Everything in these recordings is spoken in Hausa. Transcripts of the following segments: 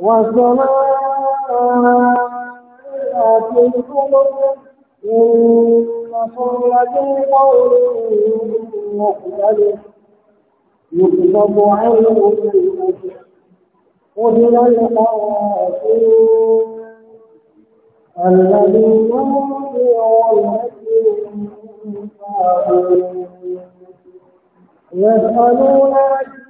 والسماء ذات الخلق إنكم لفي قول مختلف يكتب عنه الأجر قتل الخاسرون الذين هم يوم يسألونك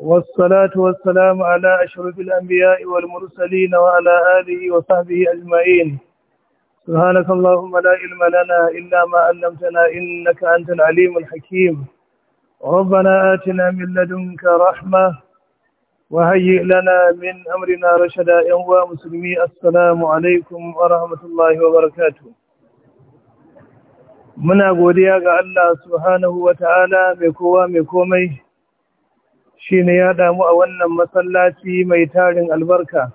والصلاة والسلام على أشرف الأنبياء والمرسلين وعلى آله وصحبه أجمعين سبحانك اللهم لا علم لنا إلا ما علمتنا إنك أنت العليم الحكيم ربنا آتنا من لدنك رحمة وهيئ لنا من أمرنا رشدا يا مسلمي السلام عليكم ورحمة الله وبركاته muna godiya ga Allah subhanahu wa ta'ala mai kowa mai komai shi ne ya damu a wannan masallaci mai tarin albarka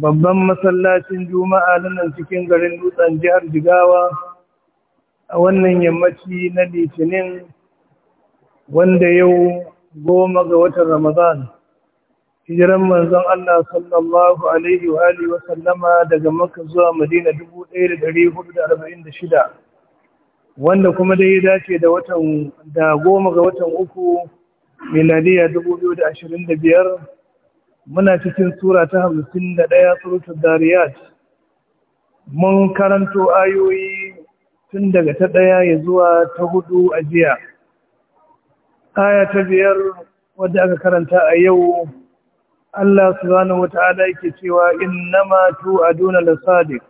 babban masallacin juma'a na nan cikin garin dutsen jihar jigawa a wannan yammaci na litinin wanda yau goma ga watan ramadan hijiran manzon Allah sallallahu alaihi wa alihi wa sallama daga Makka zuwa Madina 1446 wanda kuma dai ya dace da watan da goma ga watan uku miladiya 2025 muna cikin sura ta 51 suratul dariyat mun karanto ayoyi tun daga ta ɗaya ya zuwa ta hudu a jiya aya ta biyar wadda aka karanta a yau Allah subhanahu wata'ala yake cewa in innama tu'aduna lasadiq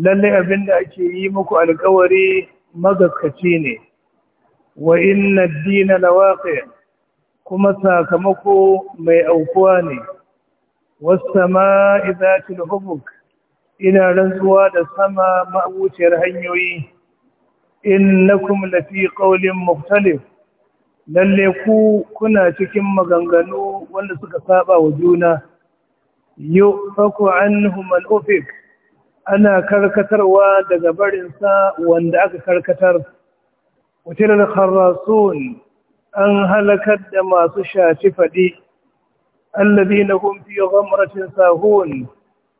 lalle abinda ake yi muku alƙawari magaskaci ne wa inna dina dina kuma sakamako mai aukuwa ne was-sama'i dhati ina rantsuwa da sama ma'abuciyar hanyoyi In na lafi qawlin mukhtalif lalle ku kuna cikin maganganu wanda suka saba wa juna yufaku anhum al-ufik ana karkatarwa daga barinsa wanda aka karkatar wutilin harasun an halakar da masu shaci faɗi allazi na kumfi gwamnatin sahun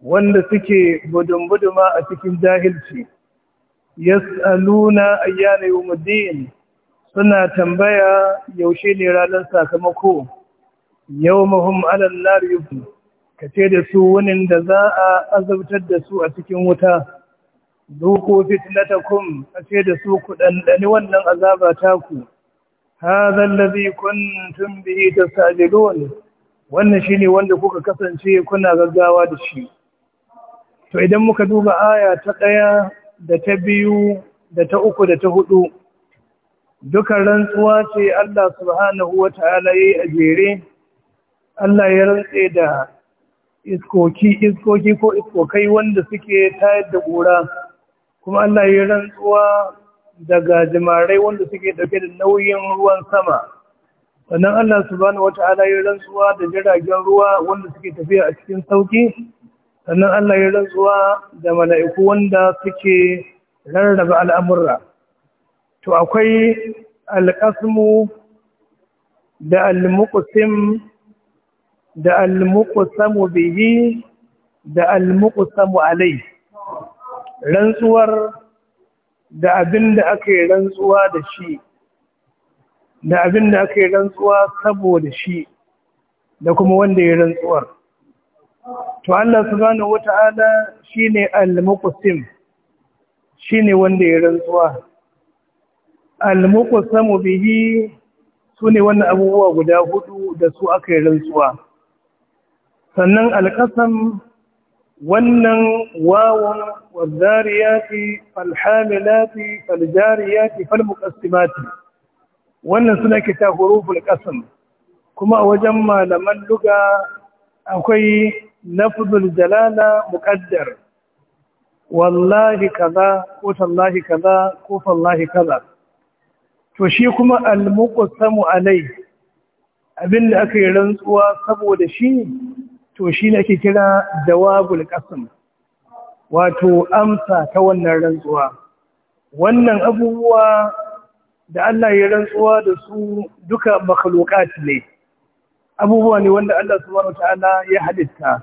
wanda suke gudunbuduma a cikin jahilci yas'aluna ayyana yawmuddin suna tambaya yaushe ne ranar sakamako Yau 'ala an-nar ka kace da su wunin da za a azabtar da su a cikin wuta zuku fitnatakum ace da su ku dandani wannan azaba ta ku hadha alladhi kuntum bihi tasajidun wannan shine wanda kuka kasance kuna gaggawa da shi to idan muka duba aya ta daya da ta biyu da ta uku da ta hudu dukan rantsuwa ce Allah subhanahu wata'ala yayi a jere Allah ya rantse da iskoki iskoki ko iskokai wanda suke tayar da ƙura kuma Allah ya rantsuwa daga jimarai wanda suke dauke da nauyin ruwan sama sannan Allah subhanahu wata'ala ya rantsuwa da jiragen ruwa wanda suke tafiya a cikin sauki sannan Allah ya rantsuwa da mala'iku wanda suke rarraba al'amura. to akwai alƙasmu da almuqsim da almuqsamu bihi da almuqsamu alayhi rantsuwar da abin da ake rantsuwa da shi da abin da ake rantsuwa saboda shi da kuma wanda ya rantsuwar to Allah subhanahu wata'ala shine al-muqsim shine wanda ya rantsuwa al-muqsamu bihi sune wannan abubuwa guda hudu da su ake rantsuwa sannan al-qasam wannan wawon wazariyati falhamilati faljariyati falmuqassimati wannan suna kita huruful ƙasan. kuma a wajen malaman luga akwai lafzul jalala muƙaddar. wallahi kaza ko tallahi kaza ko fallahi kaza to shi kuma almuqassamu alai abinda aka yi rantsuwa saboda shi to shi ne ake kira jawabul qasam wato amsa ta wannan rantsuwa wannan abubuwa da Allah ya rantsuwa da su duka makhluqat ne abubuwa ne wanda Allah subhanahu wataala ya halitta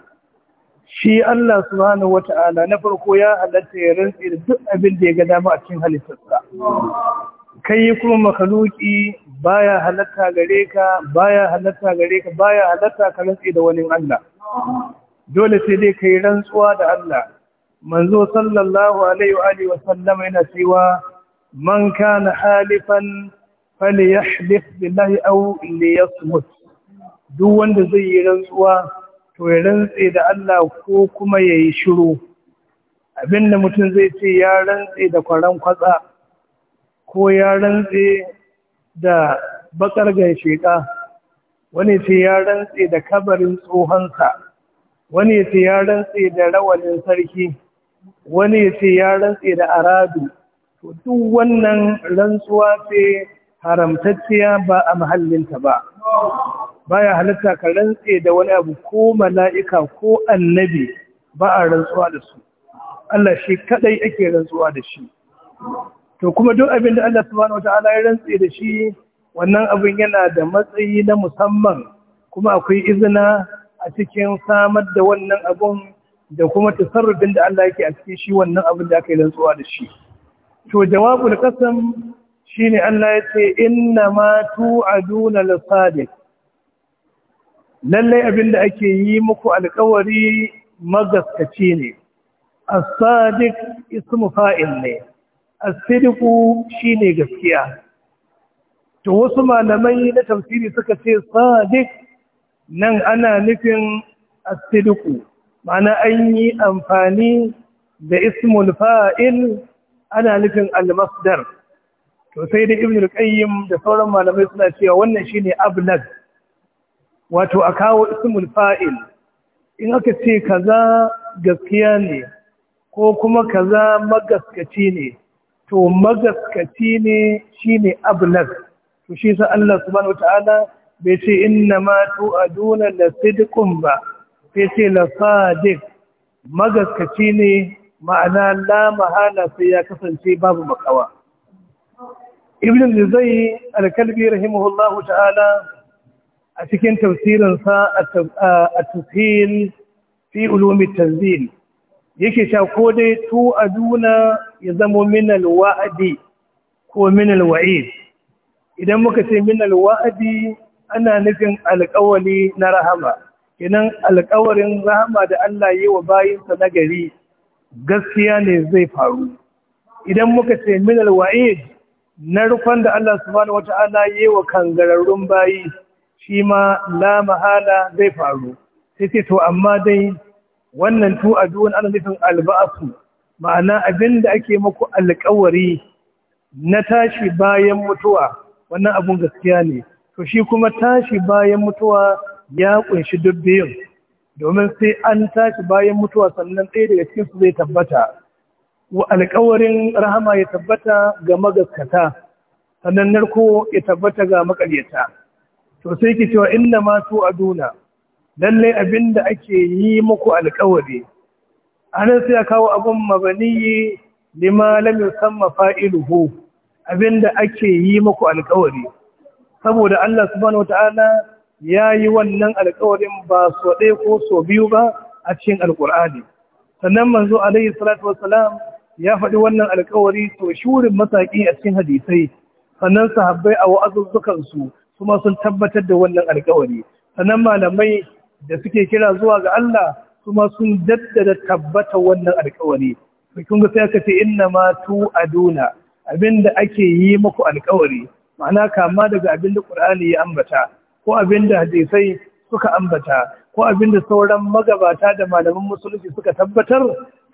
shi Allah subhanahu wataala na farko ya halatta ya rantsi da duk abin da ya ga dama a cikin halittarsa kai kuma makhluqi baya halatta gare ka baya halatta gare ka baya halatta ka rantsi da wani Allah dole sai dai kai rantsuwa da Allah manzo sallallahu alaihi wa alihi wa sallama yana cewa man kana halifan falyahlif billahi aw liyasmut duk wanda zai yi rantsuwa to ya rantse da Allah ko kuma yayi shiru abinda mutum zai ce ya rantse da kwaran kwatsa ko ya rantse da bakar shekara wani ce ya rantse da kabarin tsohonsa wani ce ya rantse da rawalin sarki wani ce ya rantse da aradu to duk wannan rantsuwa ce haramtacciya ba a mahallinta ba baya halitta ka rantse da wani abu ko mala'ika ko annabi ba a rantsuwa da su Allah shi kadai ake rantsuwa da shi to kuma duk abin da Allah subhanahu wataala ya rantse da shi wannan abin yana da matsayi na musamman kuma akwai izina a cikin samar da wannan abin da kuma tasarrufin da Allah yake a cikin shi wannan abin da aka yi rantsuwa da shi to jawabul shi ne Allah ya ce inna ma tu'aduna lasadiq lallai abin da ake yi muku alkawari magaskaci ne as-sadiq ismu fa'il ne as shi ne gaskiya to wasu malamai na tafsiri suka ce sadiq nan ana nufin asidiku ma'ana an yi amfani da ismul fa'il ana nufin almasdar to sai da ibn al-qayyim da sauran malamai suna cewa wannan shine ablag wato a kawo ismul fa'il in aka ce kaza gaskiya ne ko kuma kaza magaskaci ne to magaskaci ne shine ablag to shi sa Allah subhanahu wataala bai ce inna ma tu'aduna la ba sai ce la sadiq magaskaci ne ma'ana la mahala sai ya kasance babu makawa ibn al-zayy al-kalbi rahimahullahu ta'ala a cikin tafsirinsa a tafhil fi ulumi tanzil yake cewa ko dai tu aduna ya zama min alwa'di ko min wa'id idan muka ce min alwa'adi ana nufin alƙawari na rahama idan alƙawarin rahama da Allah yi wa bayinsa na gari gaskiya ne zai faru idan muka ce min alwa'id na rufan da Allah subhanahu wata'ala yi wa kangararrun bayi shi ma la mahala zai faru sai ce to amma dai wannan tu a duwan ana nufin alba'asu ma'ana abinda ake maku alƙawari na tashi bayan mutuwa wannan abun gaskiya ne to shi kuma tashi bayan mutuwa ya kunshi duk biyun domin sai an tashi bayan mutuwa sannan ɗaya daga cikin su zai tabbata wa alƙawarin rahama ya tabbata ga magaskata sannan narko ya tabbata ga makaryata to sai ki cewa inna ma tu aduna lalle abinda ake yi muku alƙawari anan sai ya kawo abun mabaniyi lima lam yusamma fa'iluhu Abin da ake yi muku alkawari saboda Allah subhanahu wataala yi wannan alkawarin ba so ɗaya ko so biyu ba a cikin alkur'ani sannan manzo alayhi salatu wassalam ya faɗi wannan alkawari to shurin masaki a cikin hadisai sannan sahabbai a wa'azuzzukan su kuma sun tabbatar da wannan alkawari sannan malamai da suke kira zuwa ga Allah kuma sun daddada tabbata wannan alkawari kun ga sai aka ce inna ma tu aduna Abin da ake yi muku alkawari ma'ana kama daga abin da ƙur'ani ya ambata ko abinda hadisai suka ambata ko abinda sauran magabata da malaman musulunci suka tabbatar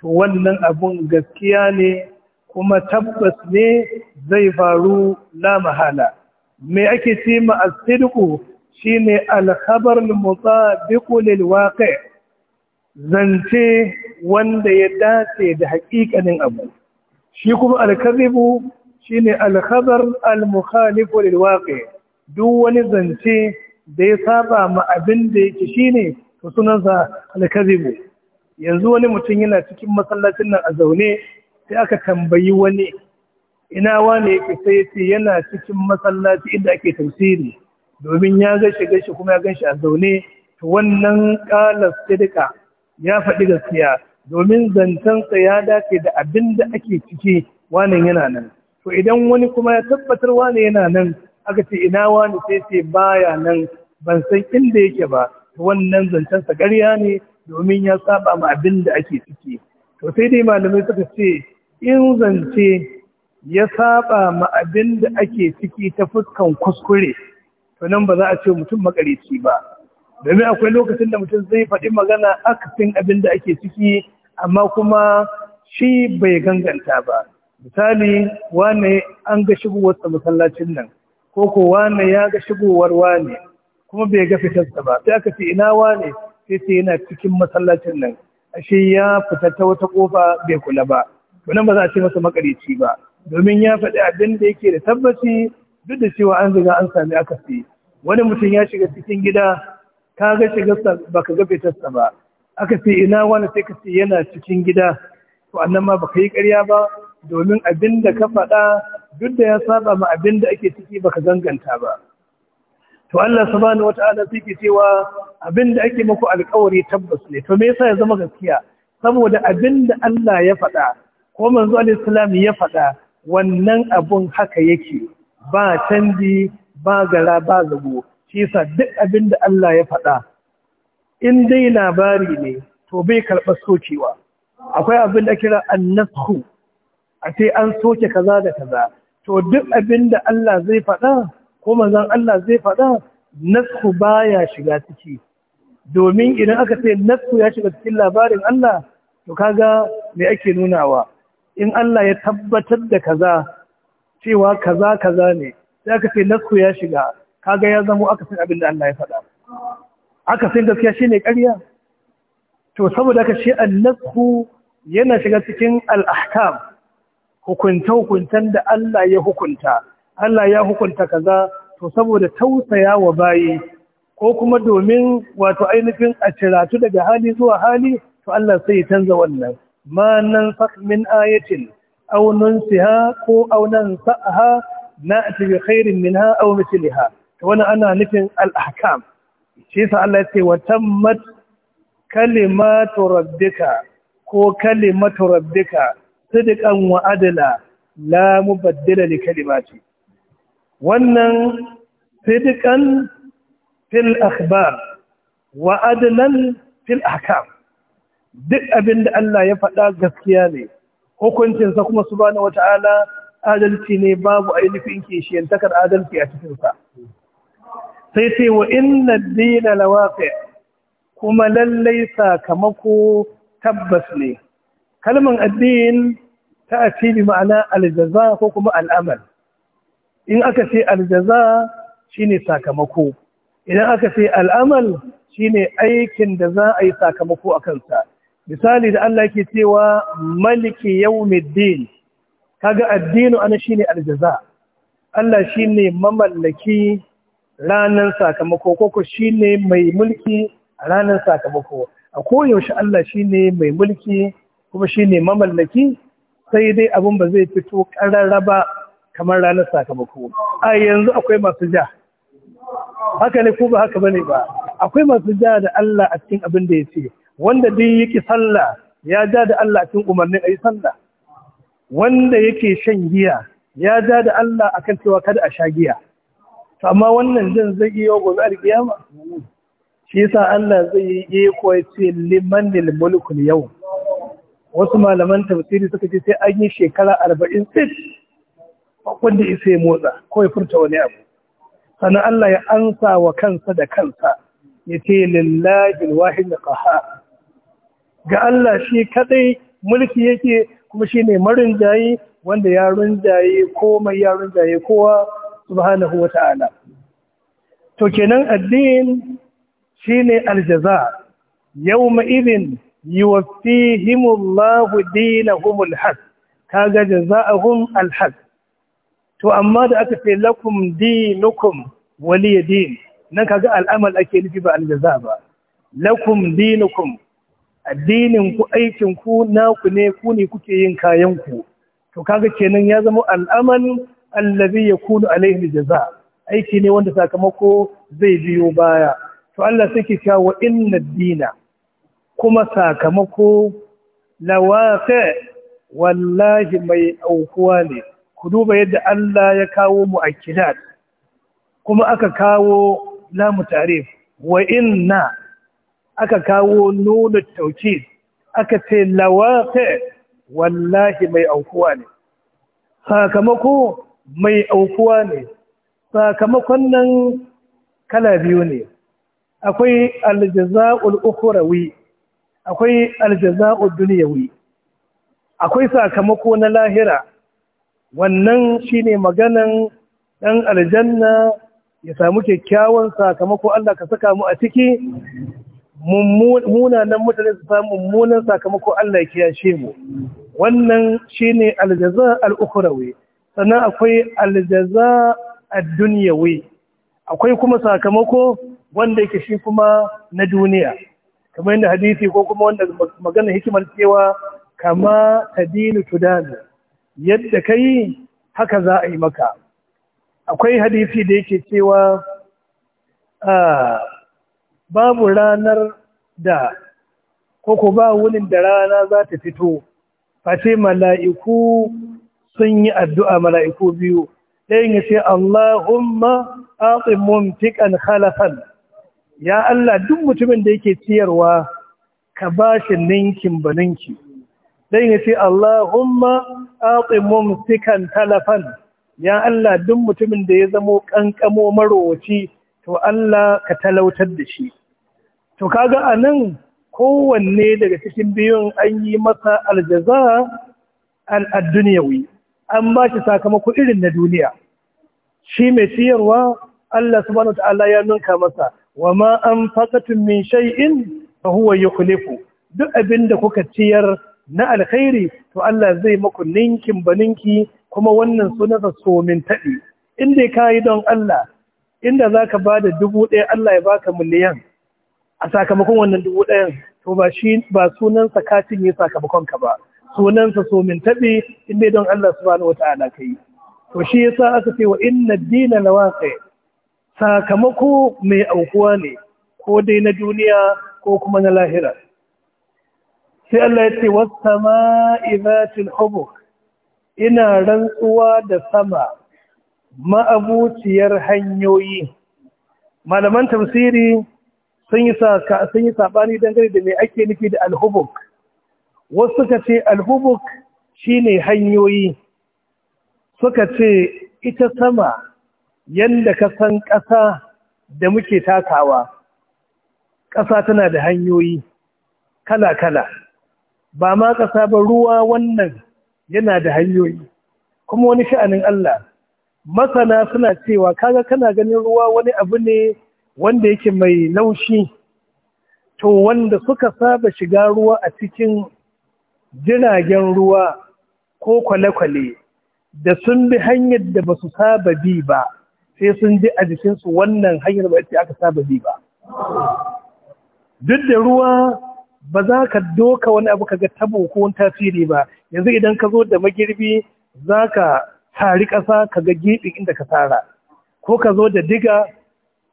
to wannan abun gaskiya ne kuma tabbas ne zai faru la mahala me ake ce ma as-sidqu shine al-khabar al-mutabiq zance wanda ya dace da haƙiƙanin abu shi kuma alkazibu shine alkhabar almukhalifu lilwaƙe duk wani zance da ya saba ma abin da yake ne, to sunansa alkazibu yanzu wani mutum yana cikin masallacin nan a zaune sai aka tambayi wani ina wane yake sai ce yana cikin masallaci inda ake tafsiri domin ya ga shi gashi kuma ya ganshi a zaune to wannan qala ya faɗi gaskiya domin zantansa ya dace da abin da ake ciki wani yana nan to idan wani kuma ya tabbatar wani yana nan aka ce ina wani sai ce baya nan ban san inda yake ba wannan zantansa ƙarya ne domin ya saba ma abin da ake ciki to sai dai malamai suka ce in zance ya saba ma abin da ake ciki ta fuskan kuskure to nan ba za a ce mutum makarici ba domin akwai lokacin da mutum zai faɗi magana akasin abin da ake ciki amma kuma shi bai ganganta ba misali wane an ga shigowar sa masallacin nan ko ko wane ya ga shigowar wane kuma bai ga fitarsa ba sai aka ce ina wane sai ce yana cikin masallacin nan ashe ya fita ta wata kofa bai kula ba to nan ba za a ce masa makarici ba domin ya faɗi abin da yake da tabbaci duk da cewa an riga an sami akasi wani mutum ya shiga cikin gida ka ga shigarsa ba ka ga fitarsa ba aka ce ina wani sai ka ce yana cikin gida to annan ma baka yi ƙarya ba domin abin da ka faɗa duk da ya saba ma abin da ake ciki baka ganganta ba to Allah subhanahu wata'ala sai ke cewa abin da ake muku alƙawari tabbas ne to me yasa ya zama gaskiya saboda abin da Allah ya faɗa ko manzo alaihi salam ya faɗa wannan abun haka yake ba canji ba gara ba zago shi yasa duk abin da Allah ya faɗa in dai labari ne to bai karɓa sokewa akwai abin da kira annasku a ce an soke kaza da kaza to duk abin da Allah zai faɗa ko manzon Allah zai faɗa nasku baya shiga ciki domin idan aka ce nasku ya shiga cikin labarin Allah to kaga me ake nunawa in Allah ya tabbatar da kaza cewa kaza kaza ne sai aka ce nasku ya shiga kaga ya zama aka san abin da Allah ya faɗa aka san gaskiya shine ƙarya to saboda haka shi annasku yana shiga cikin al-ahkam hukunta hukuntan da Allah ya hukunta Allah ya hukunta kaza to saboda tausaya wa bayi ko kuma domin wato ainihin a ciratu daga hali zuwa hali to Allah sai ya canza wannan ma nan min ayatin aw nunsiha ko aw nansaha na'ti bi khairin minha aw mithliha to wannan ana nufin al-ahkam shi sa Allah ya ce wa tammat kalimatu rabbika ko kalimatu rabbika sidqan wa adla la mubaddila li kalimati wannan sidqan fil akhbar wa adlan fil ahkam duk abinda Allah ya faɗa gaskiya ne hukuncinsa kuma subhanahu wata'ala adalci ne babu ainihin kishiyantakar adalci a cikinsa sai sai wa inna dina lawaqi kuma lallai sakamako tabbas ne kalman addin ta ce bi ma'ana aljaza ko kuma al'amal in aka ce aljaza shine sakamako idan aka ce al'amal shine aikin da za a yi sakamako a kansa misali da Allah ke cewa maliki yawmiddin kaga addinu ana shine aljaza Allah shine mamallaki ranar sakamako koko shi ne mai mulki a ranar sakamako a koyaushe Allah shi ne mai mulki kuma shi ne mamallaki sai dai abin ba zai fito ƙararraba kamar ranar sakamako a yanzu akwai masu ja haka ne ko ba haka bane ba akwai masu ja da Allah a cikin abin da ya ce wanda duk yake sallah ya ja da Allah a cikin umarnin ayi sallah wanda yake shan giya ya ja da Allah akan cewa kada a sha giya amma wannan jin zai yi wa gobe alkiyama shi yasa Allah zai yi iko ya ce liman lil mulku yau wasu malaman tafsiri suka ce sai an yi shekara arba'in sit wanda isa ya motsa ko ya furta wani abu sannan Allah ya ansa wa kansa da kansa ya ce lillahi wahid qahar ga Allah shi kadai mulki yake kuma shine marin jayi wanda ya runjaye komai ya runjaye kowa subhanahu wa ta'ala to kenan addin shine aljaza yawma idin yuwaffihimullahu dinahumul haq kaga hun alhaq to amma da aka fi lakum dinukum waliya din nan kaga al'amal ake nufi ba aljaza ba lakum dinukum addinin ku aikin ku naku ne ku ne kuke yin kayan ku to kaga kenan ya zama al'aman. allazi yakunu alaihi jaza aiki ne wanda sakamako zai biyo baya to Allah sai ke cewa inna dina kuma sakamako lawaqi wallahi mai aukuwa ne ku duba yadda Allah ya kawo mu'akkidat kuma aka kawo lamu tarif wa inna aka kawo nuna taukid aka ce lawaqi wallahi mai aukuwa ne sakamako mai aukuwa ne sakamakon nan kala biyu ne akwai aljaza'ul ukhrawi akwai aljaza'ul dunyawi akwai sakamako na lahira wannan shine maganan ɗan aljanna ya samu kyakkyawan sakamako Allah ka saka mu a ciki munanan mutane su samu mummunan sakamako Allah ya kiyashe mu wannan shine aljaza al sannan akwai aljaza a dunyawi akwai kuma sakamako wanda yake shi kuma na duniya kamar yadda hadisi ko kuma wanda magana hikimar cewa kama tadinu tudanu yadda ka yi haka za a yi maka akwai hadisi da yake cewa babu ranar da ko ko ba wunin da rana za ta fito face mala'iku sun yi addu'a mala'iku biyu ɗayan ya ce Allahumma aƙin mumfiƙan halafan ya Allah duk mutumin da yake ciyarwa ka ba shi ninkin ba ninki ɗayan ya ce Allahumma aƙin mumfiƙan halafan, ya Allah duk mutumin da ya zamo ƙanƙamo marowaci to Allah ka talautar da shi to kaga a nan kowanne daga cikin biyun an yi masa aljaza al'adduniyawi an ba shi sakamako irin na duniya shi mai siyarwa Allah subhanahu ta'ala ya nunka masa wa ma anfaqatum min shay'in fa huwa yukhlifu duk abinda kuka ciyar na alkhairi to Allah zai maku ninkin baninki kuma wannan sunansa min taɗi inda ka yi don Allah inda za ka ba da dubu ɗaya Allah ya baka miliyan a sakamakon wannan dubu ɗayan to ba sunansa ka cinye sakamakonka ba sunansa so min taɓe in dai don Allah subhanahu wata'ala kai to shi yasa aka ce wa inna dina la sakamako mai aukuwa ne ko dai na duniya ko kuma na lahira sai Allah ya ce was sama'i zatil hubuk ina rantsuwa da sama ma'abuciyar hanyoyi malaman tafsiri sun yi saɓani dangane da mai ake nufi da alhubuk wasu suka ce alhubuk shine hanyoyi suka ce ita sama yadda ka san ƙasa da muke takawa ƙasa tana da hanyoyi kala-kala ba ma ƙasa ba ruwa wannan yana da hanyoyi kuma wani sha'anin Allah masana suna cewa kaga kana ganin ruwa wani abu ne wanda yake mai laushi to wanda suka saba shiga ruwa a cikin jiragen ruwa ko kwale-kwale da sun bi hanyar da ba su saba bi ba sai sun ji a jikinsu wannan hanyar ba ita aka saba bi ba duk da ruwa ba za ka doka wani abu ka ga tabo ko wani tasiri ba yanzu idan ka zo da magirbi za ka tari ƙasa ka ga gefe inda ka tsara ko ka zo da diga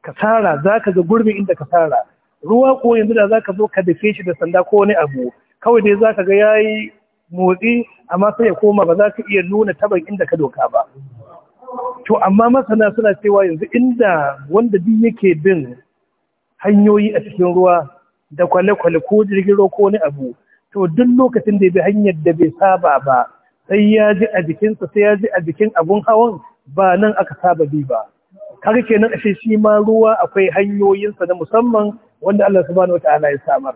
ka tsara za ka ga gurbin inda ka tsara ruwa ko yanzu da za ka zo ka dafe shi da sanda ko wani abu kawai dai za ka ga ya yi motsi amma sai ya koma ba za ka iya nuna taban inda ka doka ba to amma masana suna cewa yanzu inda wanda duk yake bin hanyoyi a cikin ruwa da kwale-kwale ko jirgin ruwa ko wani abu to duk lokacin da ya bi hanyar da bai saba ba sai ya ji a jikinsa sai ya ji a jikin abun hawan ba nan aka saba bi ba har kenan ashe shi ma ruwa akwai hanyoyinsa na musamman wanda Allah subhanahu ya samar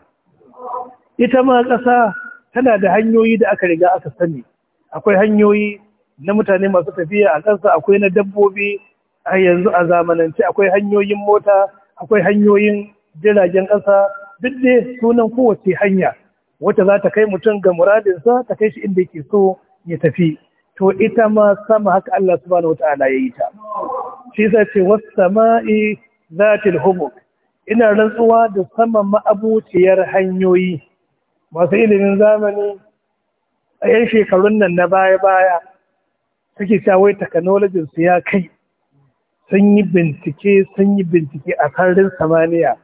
ita ma ƙasa tana da hanyoyi da aka riga aka sani akwai hanyoyi na mutane masu tafiya a ƙasa akwai na dabbobi a yanzu a zamanance akwai hanyoyin mota akwai hanyoyin jiragen ƙasa duk dai sunan kowace hanya Wata za ta kai mutum ga muradinsa ta kai shi inda yake so ya tafi to ita ma sama haka Allah subhanahu wataala ya yi ta shi sai ce was-sama'i zatil hubuk ina rantsuwa da saman ma'abuciyar hanyoyi masu ilimin zamani a 'yan shekarun nan na baya-baya suke wai technology su ya kai sun yi bincike sun yi bincike a sararin samaniya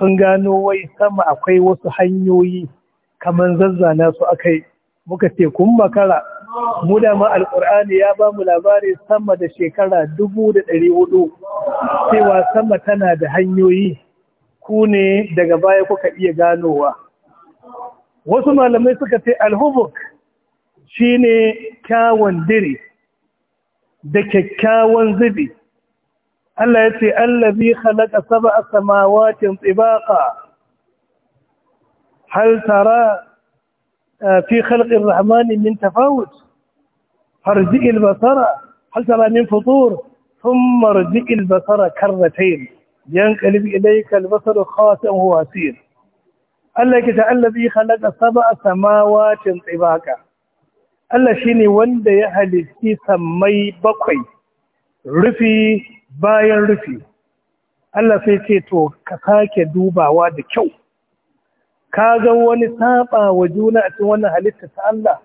sun gano wai sama akwai wasu hanyoyi kamar zazzana su akai muka ce kun makara mu da ma alkur'ani ya ba mu labari sama da shekara dubu da ɗari hudu cewa sama tana da hanyoyi ku ne daga baya kuka iya ganowa wasu malamai suka ce alhubuk shine kyawun diri da kyakkyawan zubi Allah ya ce allazi khalaqa sab'a samawati tibaqa hal tara fi khalqi arrahmani min tafawut farji albasara hal tara min futur thumma ثم albasara karratayn yanqalib ilayka albasaru khasan خاسئا asir Allah yake ta allazi khalaqa sab'a samawati tibaqa Allah shine wanda ya halitti samai bakwai rufi bayan rufi Allah sai ce to ka sake dubawa da kyau ka ga wani saba wa juna a cikin wannan halitta ta Allah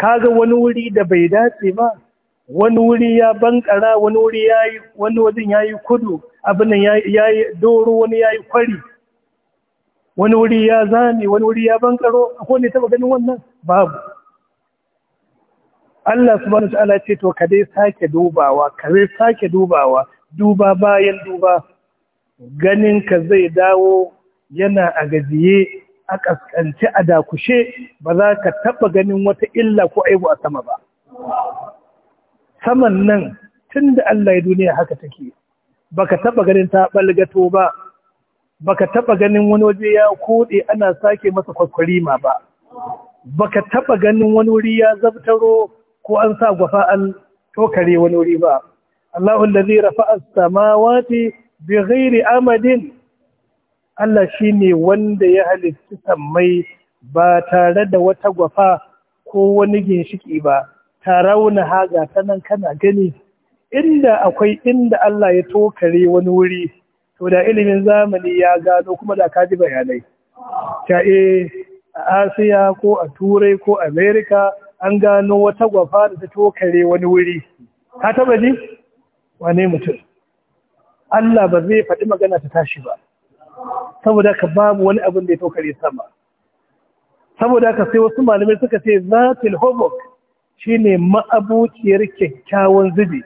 ka ga wani wuri da bai dace ba wani wuri ya bankara wani wuri yayi wani wajen yayi kudu abin nan yayi doro wani yayi kwari wani wuri ya zame wani wuri ya bankaro akwai ne taba ganin wannan babu Allah subhanahu wataala ce to ka dai sake dubawa ka dai sake dubawa duba bayan duba ganin ka zai dawo yana a gajiye a kaskance a dakushe ba za ka taba ganin wata illa ko aibu a sama ba saman nan tun da Allah ya duniya haka take baka taba ganin ta balgato ba baka taba ganin wani waje ya kode ana sake masa kwakwarima ba baka taba ganin wani wuri ya zabtaro ko an sa gwafa an tokare wani wuri ba Allahu allazi rafa'a as-samawati bighairi amadin Allah shine wanda ya halitta sammai ba tare da wata gwafa ko wani ginshiki ba ta rauna haga ta kana gani inda akwai inda Allah ya tokare wani wuri to da ilimin zamani ya gano kuma da kaji bayanai ta e a asiya ko a turai ko Amerika, an gano wata gwafa da ta tokare wani wuri ka taba ji wane mutum Allah ba zai faɗi magana ta tashi ba saboda ka babu wani abin da ya tokare sama saboda ka sai wasu malamai suka ce zafil hobok shine ma'abuciyar kyakkyawan zubi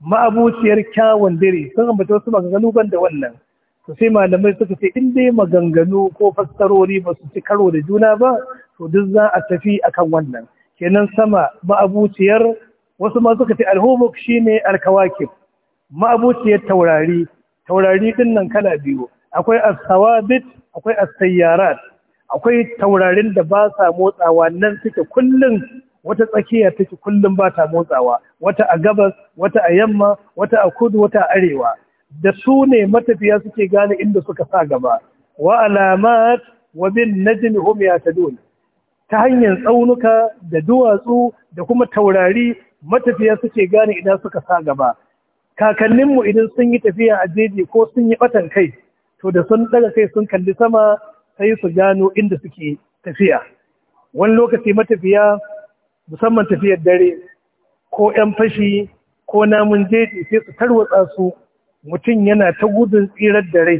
ma'abuciyar kyawun dare sun ambata wasu maganganu ban da wannan to sai malamai suka ce in dai maganganu ko fassarori ba su ci karo da juna ba to duk za a tafi akan wannan kenan sama ma'abuciyar wasu ma suka ce alhumuk shine alkawakib ma'abuciyar taurari taurari din nan kala biyu akwai as akwai as akwai taurarin da ba sa motsawa nan suke kullun wata tsakiya take kullum ba ta motsawa wata a gabas wata a yamma wata a kudu wata a arewa da su ne matafiya suke gane inda suka sa gaba wa alamat wa bin najmi hum yahtadun ta hanyar tsaunuka da duwatsu da kuma taurari matafiya suke gane idan suka sa gaba kakanninmu idan sun yi tafiya a jeji ko sun yi batan kai to da sun ɗaga kai sun kalli sama sai su gano inda suke tafiya wani lokaci matafiya musamman tafiyar dare ko 'yan fashi ko namun jeji sai su tarwatsa su mutum yana ta gudun tsirar da rai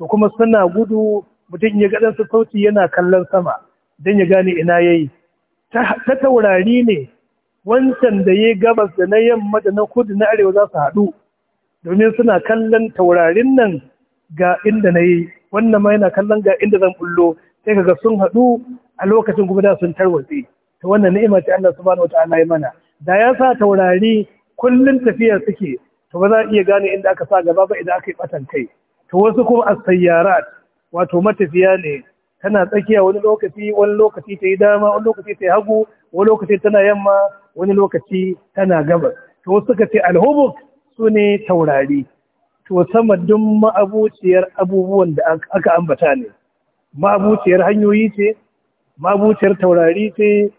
to kuma suna gudu mutum ya gaɗan su sauti yana kallon sama don ya gane ina ya yi ta taurari ne wancan da ya gabas da na yamma da na kudu na arewa za su haɗu domin suna kallon taurarin nan ga inda na yi wannan ma yana kallon ga inda zan bullo sai kaga sun haɗu a lokacin kuma da sun tarwatse ta wannan ni'ima ce Allah subhanahu wataala ya mana da ya sa taurari kullum tafiya suke to ba za a iya gane inda aka sa gaba ba idan aka yi batan kai to wasu kuma as-sayyarat wato matafiya ne tana tsakiya wani lokaci wani lokaci ta yi dama wani lokaci ta yi hagu wani lokaci tana yamma wani lokaci tana gabas to wasu suka ce alhubuk su ne taurari to sama duk ma'abuciyar abubuwan da aka ambata ne ma'abuciyar hanyoyi ce ma'abuciyar taurari ce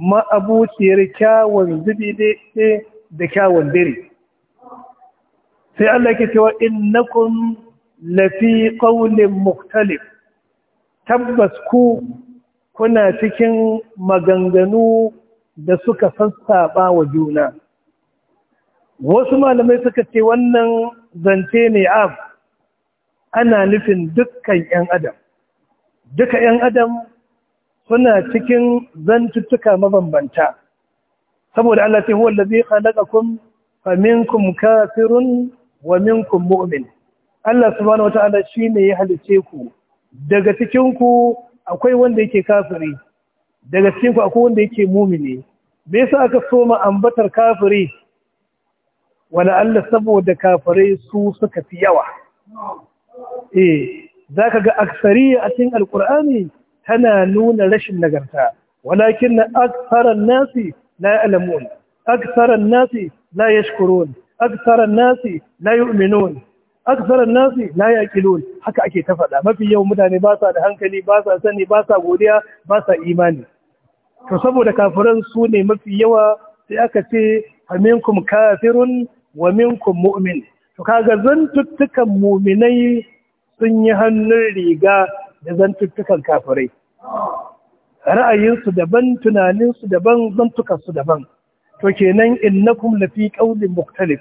ma'abuciyar kyawun zubi daidai da kyawun dare sai Allah ke cewa innakum lafi ƙaunin mukhtalif tabbas ku kuna cikin maganganu da suka sassaba wa juna wasu malamai suka ce wannan zance ne ab ana nufin dukkan 'yan adam duka 'yan adam suna cikin zantuttuka mabambanta saboda Allah ce huwa allazi khalaqakum faminkum kafirun wa minkum mu'min Allah subhanahu wataala shine ya halice ku daga cikinku ku akwai wanda yake kafiri daga cikinku akwai wanda yake mu'mini me yasa aka soma ambatar kafiri wala Allah saboda kafirai su suka fi yawa eh zaka ga aksariya a cikin alqur'ani tana nuna rashin nagarta walakin aktharan nasi la ya'lamun aksaran nasi la yashkurun aktharan nasi la yu'minun aksarar nasi la yaqilun haka ake ta faɗa mafi yawan mutane ba sa da hankali ba sa sani ba sa godiya ba sa imani to saboda kafiran su ne mafi yawa sai aka ce aminkum kafirun wa minkum mu'min to kaga zantuttukan mu'minai sun yi hannun riga da zantuttukan kafirai ra'ayinsu daban tunaninsu daban zantukansu daban to kenan innakum lafi ƙaunin muktalif.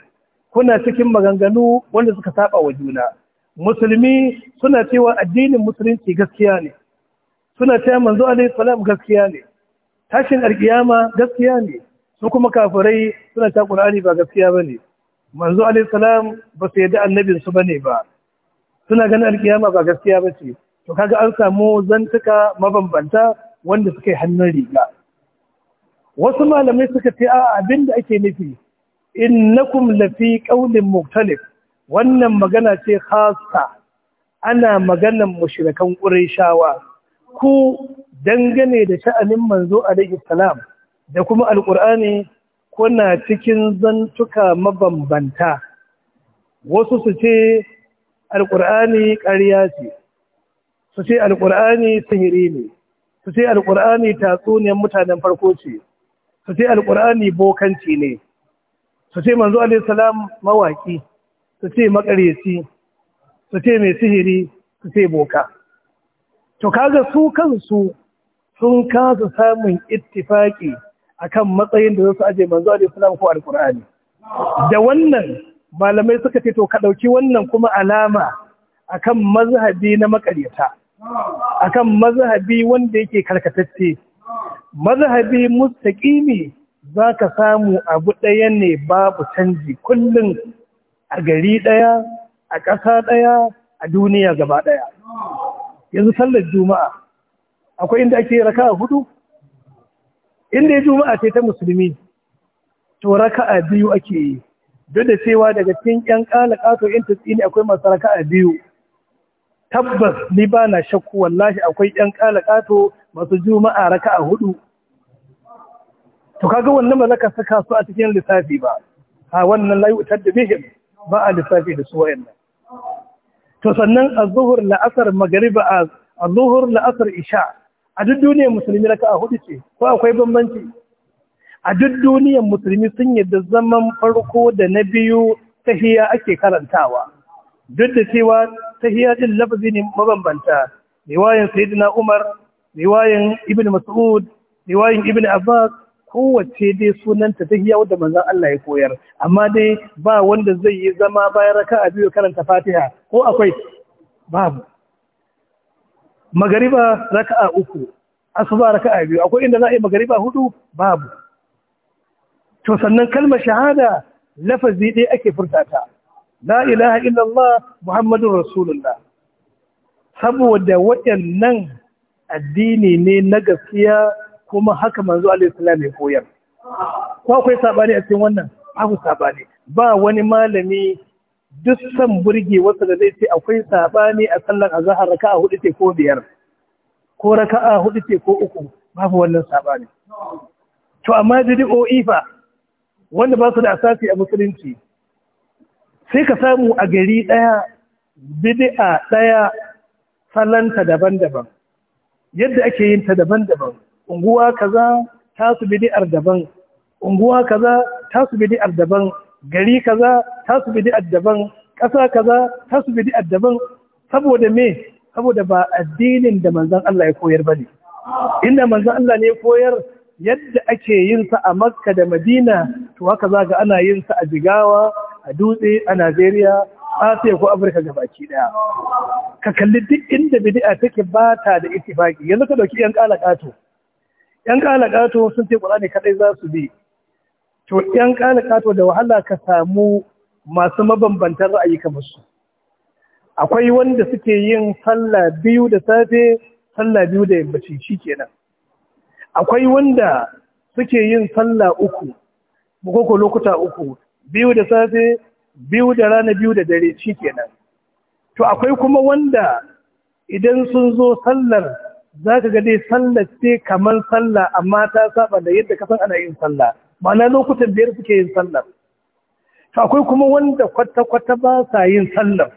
kuna cikin maganganu wanda suka saba wa juna musulmi suna cewa addinin musulunci gaskiya ne suna cewa manzo alaihi salam gaskiya ne tashin alƙiyama gaskiya ne su kuma kafirai suna ta qur'ani ba gaskiya bane manzo alaihi salam ba su yadda annabinsu ba bane ba suna ganin alƙiyama ba gaskiya bace to kaga an samu zantuka mabambanta wanda suka yi hannun riga wasu malamai suka ce a abin da ake nufi innakum lafi ƙaunin muktalif wannan magana ce khasa ana maganan mushrikan qurayshawa ku dangane da sha'anin manzo a salam da kuma alqur'ani kuna cikin zantuka mabambanta wasu su ce alqur'ani ƙarya ce su ce alƙur'ani sihiri ne su ce alƙur'ani tatsuniyar mutanen farko ce su ce alƙur'ani bokanci ne su ce manzo alaihi salam mawaki su ce makaresi su ce mai sihiri su ce boka to kaga su kansu sun kasa samun ittifaki akan matsayin da zasu aje manzo alaihi ko Alƙur'ani? da wannan malamai suka ce to ka ɗauki wannan kuma alama akan mazhabi na makaryata akan mazhabi wanda yake karkatacce mazhabi mustaqimi zaka samu abu ɗaya ne babu canji kullum a gari ɗaya a ƙasa ɗaya a duniya gaba ɗaya yanzu sallar juma'a akwai inda ake raka'a hudu inda juma'a ce ta musulmi to raka'a biyu ake yi duk da cewa daga cikin ƴan ƙala ƙato ƴan tsini, akwai masu raka'a biyu tabbas ni ba na shakku wallahi akwai ‘yan ƙato masu juma'a raka a hudu. To kaga wannan ba za ka saka su a cikin lissafi ba, a wannan layi wutar da bihim ba a lissafi da su wa'yannan. To sannan a zuhur la'asar magariba a zuhur la'asar isha a duk duniyar musulmi raka a hudu ce, ko akwai bambanci. A duk duniyar musulmi sun yadda zaman farko da na biyu ta hiya ake karantawa. duk da cewa ta din lafazi ne mabambanta riwayan sayyidina Umar riwayan Ibn Mas'ud riwayan Ibn Abbas kowace dai sunanta tahiyya wadda manzon Allah ya koyar amma dai ba wanda zai yi zama bayan raka'a biyu karanta Fatiha ko akwai babu magariba raka'a uku asuba raka'a biyu akwai inda za a yi magariba hudu babu to sannan kalmar shahada lafazi ɗaya ake furta ta la ilaha illallah muhammadun rasulullah saboda waɗannan addini ne na gaskiya kuma haka manzo alaihi ya koyar ko akwai sabani a cikin wannan babu sabani ba wani malami duk san burge wasu da zai ce akwai sabani a sallar azhar raka'a hudu ce ko biyar ko raka'a hudu ce ko uku babu wannan sabani to amma bid'o'i Oifa, wanda ba su da asasi a musulunci sai ka samu a gari ɗaya bidi'a ɗaya salanta daban-daban yadda ake yin ta daban-daban unguwa kaza su bidi'ar daban unguwa kaza su bidi'ar daban gari kaza su bidi'ar daban ƙasa kaza su bidi'ar daban saboda me saboda ba addinin da manzon Allah ya koyar bane inda manzon Allah ne koyar yadda ake yin sa a Makka da Madina to haka ga ana yin sa a Jigawa a dutse a Najeriya Asiya ko Afirka gabaki daya ka kalli duk inda bid'a take ba ta da ittifaki yanzu ka dauki yan kato yan ƙara-kato sun ce Qur'ani kadai za su bi to yan kato da wahala ka samu masu mabambantan ra'ayi kamar su akwai wanda suke yin sallah biyu da safe sallah biyu da yammaci kenan. akwai wanda suke yin sallah uku ko lokuta uku biyu da safe biyu da rana biyu da dare shi kenan to akwai kuma wanda idan sun zo sallar za ka gade sallar ce kamar sallar, amma ta saba da yadda kasan ana yin sallar? ma'ana lokutan biyar suke yin sallar to akwai kuma wanda kwata-kwata ba sa yin sallar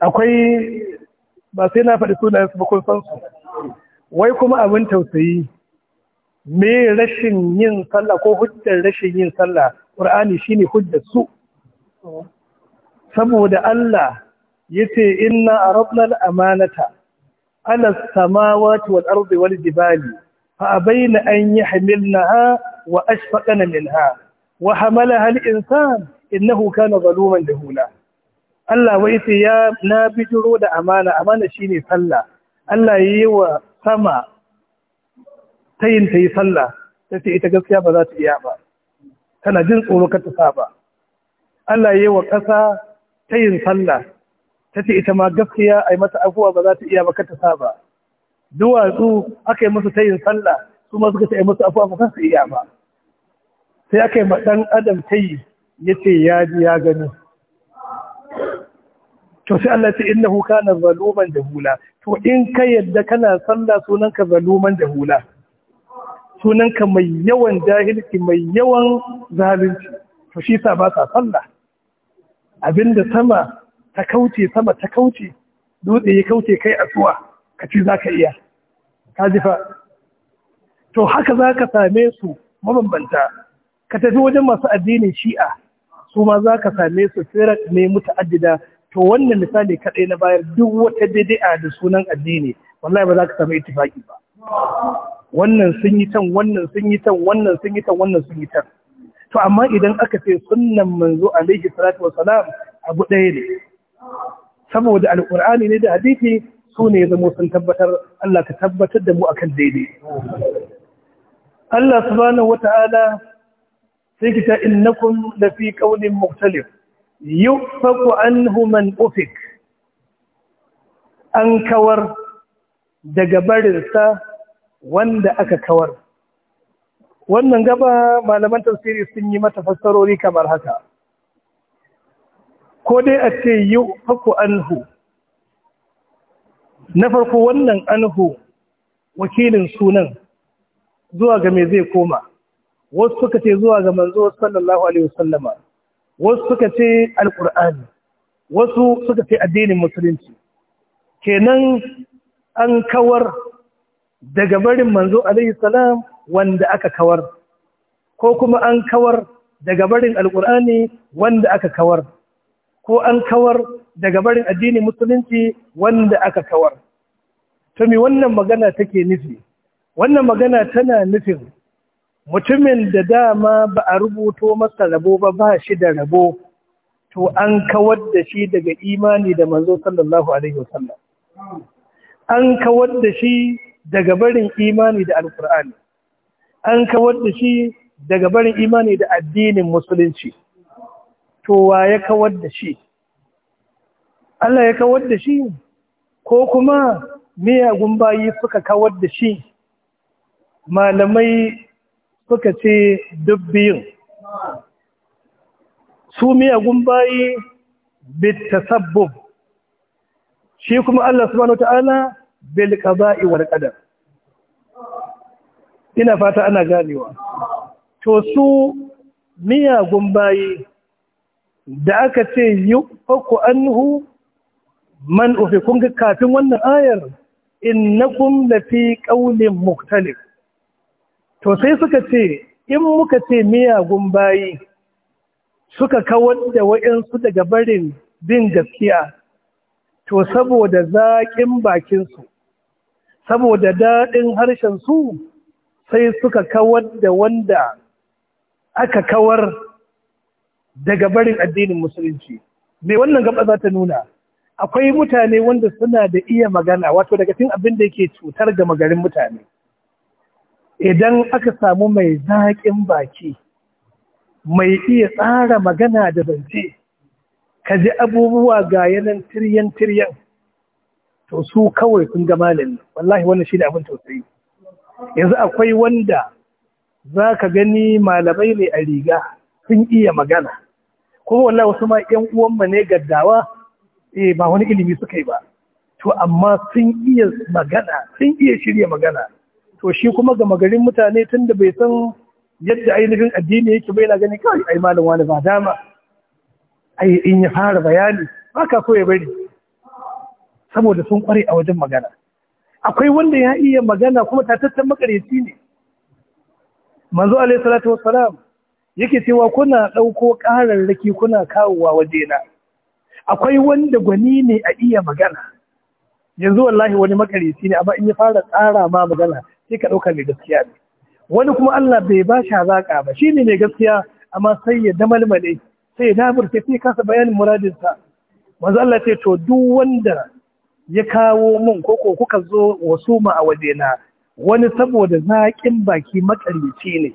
akwai ba sai na faɗi sunayensu ba kun san wai kuma abin tausayi me rashin yin sallah ko hujjar rashin yin sallah ƙur'ani shine hujjar su saboda Allah yace inna aradna al-amanata ala as-samawati wal ardi wal jibali fa abaina an yahmilnaha wa ashfaqna minha wa hamalaha al-insan innahu kana zaluman jahula Allah wai sai ya na bijiro da amana amana shine sallah Allah yayi wa sama ta yin ta yi sallah ta ce ita gaskiya ba za ta iya ba tana jin tsoro ka ta saba Allah ya yi wa ƙasa ta yin sallah ta ce ita ma gaskiya a yi mata afuwa ba za ta iya ba ka ta saba duwatsu aka yi musu ta yin sallah su ma suka ce yi musu afuwa ba za ta iya ba sai aka yi ma ɗan adam ta yi ya ce ya ji ya gani to sai Allah ce innahu kana zaluman jahula to in ka yadda kana sallah sunan ka zaluman jahula sunanka mai yawan jahilci mai yawan zalunci to shi sa ba sa sallah abinda sama ta kauce sama ta kauce dutse ya kauce kai a tsuwa ka ci za ka iya ka jifa to haka za ka same su mabambanta ka tafi wajen masu addinin shi'a su ma za ka same su firar ne addida. to wannan misali kaɗai na bayar duk wata bid'a da sunan addini wallahi ba za ka samu itifaki ba wannan sun yi can wannan sun yi can wannan sun yi can wannan sun yi can to amma idan aka ce sunnan manzo alaihi salatu wasalam abu ɗaya ne saboda alqur'ani ne da hadisi su ne zama sun tabbatar Allah ka tabbatar da mu akan daidai Allah subhanahu wata'ala sai kita innakum lafi qawlin mukhtalif yufaku anhu man ufik an kawar daga barinsa wanda aka kawar wannan gaba malaman tafsiri sun yi mata fassarori kamar haka ko dai a ce yi faku anhu na farko wannan anhu wakilin sunan zuwa ga mai zai koma wasu suka ce zuwa ga manzo sallallahu alaihi wasallama wasu suka ce alqur'ani wasu suka ce addinin musulunci kenan an kawar daga barin manzo alaihi salam wanda aka kawar ko kuma an kawar daga barin alkur'ani wanda aka kawar ko an kawar daga barin addini musulunci wanda aka kawar to me wannan magana take nufi wannan magana tana nufin mutumin da dama ba a rubuto masa rabo ba ba shi da rabo to an kawar da shi daga imani da manzo sallallahu alaihi wasallam an kawar da shi daga barin imani da alkur'ani an kawar da shi daga barin imani da addinin musulunci to wa ya kawar da shi Allah ya kawar da shi ko kuma miyagun gumbayi suka kawar da shi malamai suka ce dubbiyin su miyagun bayi tasabbub shi kuma Allah subhanahu wataala bil qada'i wal qadar ina fata ana ganewa to su miyagun bayi da aka ce yufaku anhu man ufi kun ga kafin wannan ayar innakum lafi qaulin mukhtalif to sai suka ce in muka ce miyagun bayi suka kawar da waɗansu daga barin bin gaskiya to saboda zaƙin bakinsu saboda daɗin harshensu sai suka kawar da wanda aka kawar daga barin addinin musulunci Me wannan gaba za ta nuna akwai mutane wanda suna da iya magana wato daga cikin abin da yake cutar ga magarin mutane idan aka samu mai zaƙin baki mai iya tsara magana da zance ka ji abubuwa ga yanan tiryan tiryan to su kawai sun ga malami wallahi wannan shi ne abin tausayi yanzu akwai wanda za ka gani malamai ne a riga sun iya magana kuma wallahi wasu ma yan uwanmu ne gaddawa eh ba wani ilimi suka yi ba to amma sun iya magana sun iya shirya magana to shi kuma ga magarin mutane tunda bai san yadda ainihin addini yake bai na gani kawai ai malam wani ba dama in ya fara bayani ba ka ya bari saboda sun kware a wajen magana akwai wanda ya iya magana kuma tatattan makareci ne manzo alaihi salatu wassalam yake cewa kuna ɗauko ƙararraki kuna kawowa wajena akwai wanda gwani ne a iya magana yanzu wallahi wani makareci ne amma in ya fara tsara ma magana sai ka ɗauka mai gaskiya ne wani kuma Allah bai ba shi zaƙa ba shi ne mai gaskiya amma sai ya damalmale sai na fi kasa bayanin muradinsa wanzu Allah ce to duk wanda ya kawo mun koko kuka zo wasu ma a na wani saboda zaƙin baki makarici ne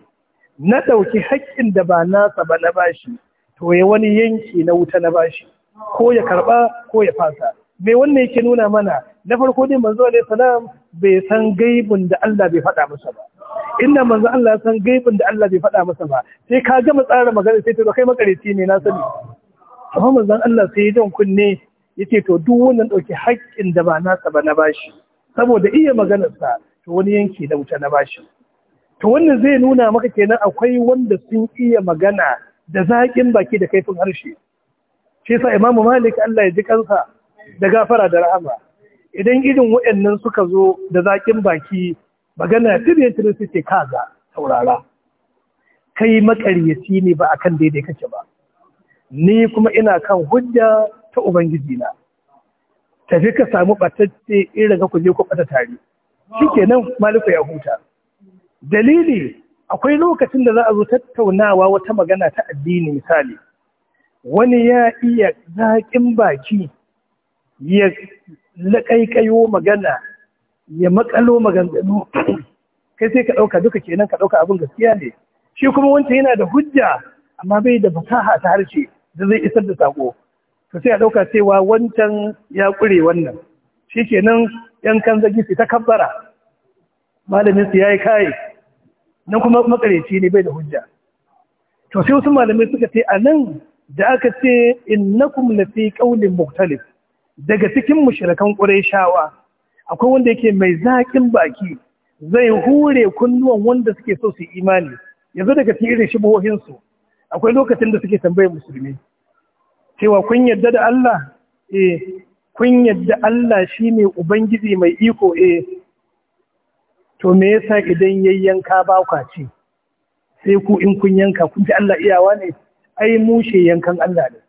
na ɗauki haƙƙin da ba nasa ba na bashi to ya wani yanki na wuta na bashi ko ya karɓa ko ya fasa me wannan yake nuna mana na farko dai manzo alaihi salam bai san gaibun da Allah bai faɗa masa ba inda manzo Allah san gaibin da Allah bai faɗa masa ba sai ka gama tsara magana sai to kai makareci ne na sani amma manzon Allah sai ya jan kunne yace to duk wannan dauki haƙƙin da ba nasa ba na bashi saboda iya maganar sa to wani yanki da wuta na bashi to wannan zai nuna maka kenan akwai wanda sun iya magana da zaƙin baki da kaifin harshe shi yasa Imam Malik Allah ya ji kansa da gafara da rahama idan irin waɗannan suka zo da zaƙin baki magana tire tire su ce kaza saurara kai makaryaci ne ba akan daidai kake ba ni kuma ina kan hujja ta ubangiji na tafi ka samu batacce irin ka kuje ku bata tare shikenan maliku ya huta dalili akwai lokacin da za a zo tattaunawa wata magana ta addini misali wani ya iya zaƙin baki ya laƙaiƙayo magana ya makalo maganganu kai sai ka ɗauka duka kenan ka ɗauka abin gaskiya ne shi kuma wancan yana da hujja amma bai da fasaha ta harshe da zai isar da saƙo. to sai a ɗauka cewa wancan ya ƙure wannan shi kenan yan kan zagi su ta kabbara malamin su yayi kai nan kuma makareci ne bai da hujja to sai wasu malamai suka ce a nan da aka ce innakum lafi qaulin mukhtalif daga cikin mushrikan qurayshawa akwai wanda yake mai zaƙin baki zai hure kunnuwan wanda suke so su imani yanzu daga cikin irin su akwai lokacin da suke tambayar musulmi cewa kun yadda da Allah eh kun yadda Allah shine ubangiji mai iko eh to me yasa idan yayyanka ba kwa ce sai ku in kun yanka kun ji Allah iyawa ne ai mushe yankan Allah ne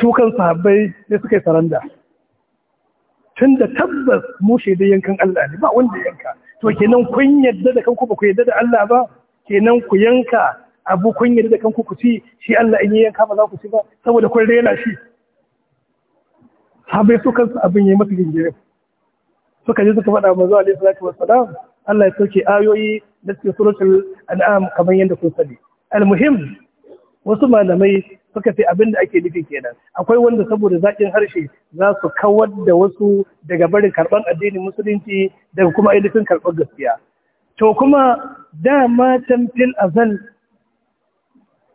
su kan sahabbai sai suka yi saranda tun da tabbas mu shaida yankan Allah ne ba wanda yanka to kenan kun yadda da kanku ba ku yadda da Allah ba kenan ku yanka abu kun yadda da kanku ku ci shi Allah in yanka ba za ku ci ba saboda kun rena shi sabai su kansu abin yayi masu gingire suka je suka faɗa manzo alaihi salatu wassalam Allah ya sauke ayoyi da cikin suratul an'am kamar yadda kun sani Al muhim wasu malamai suka fi abin da ake nufi kenan akwai wanda saboda zaƙin harshe za su kawar da wasu daga barin karɓar addinin musulunci daga kuma ainihin karɓar gaskiya to kuma dama tamfil azal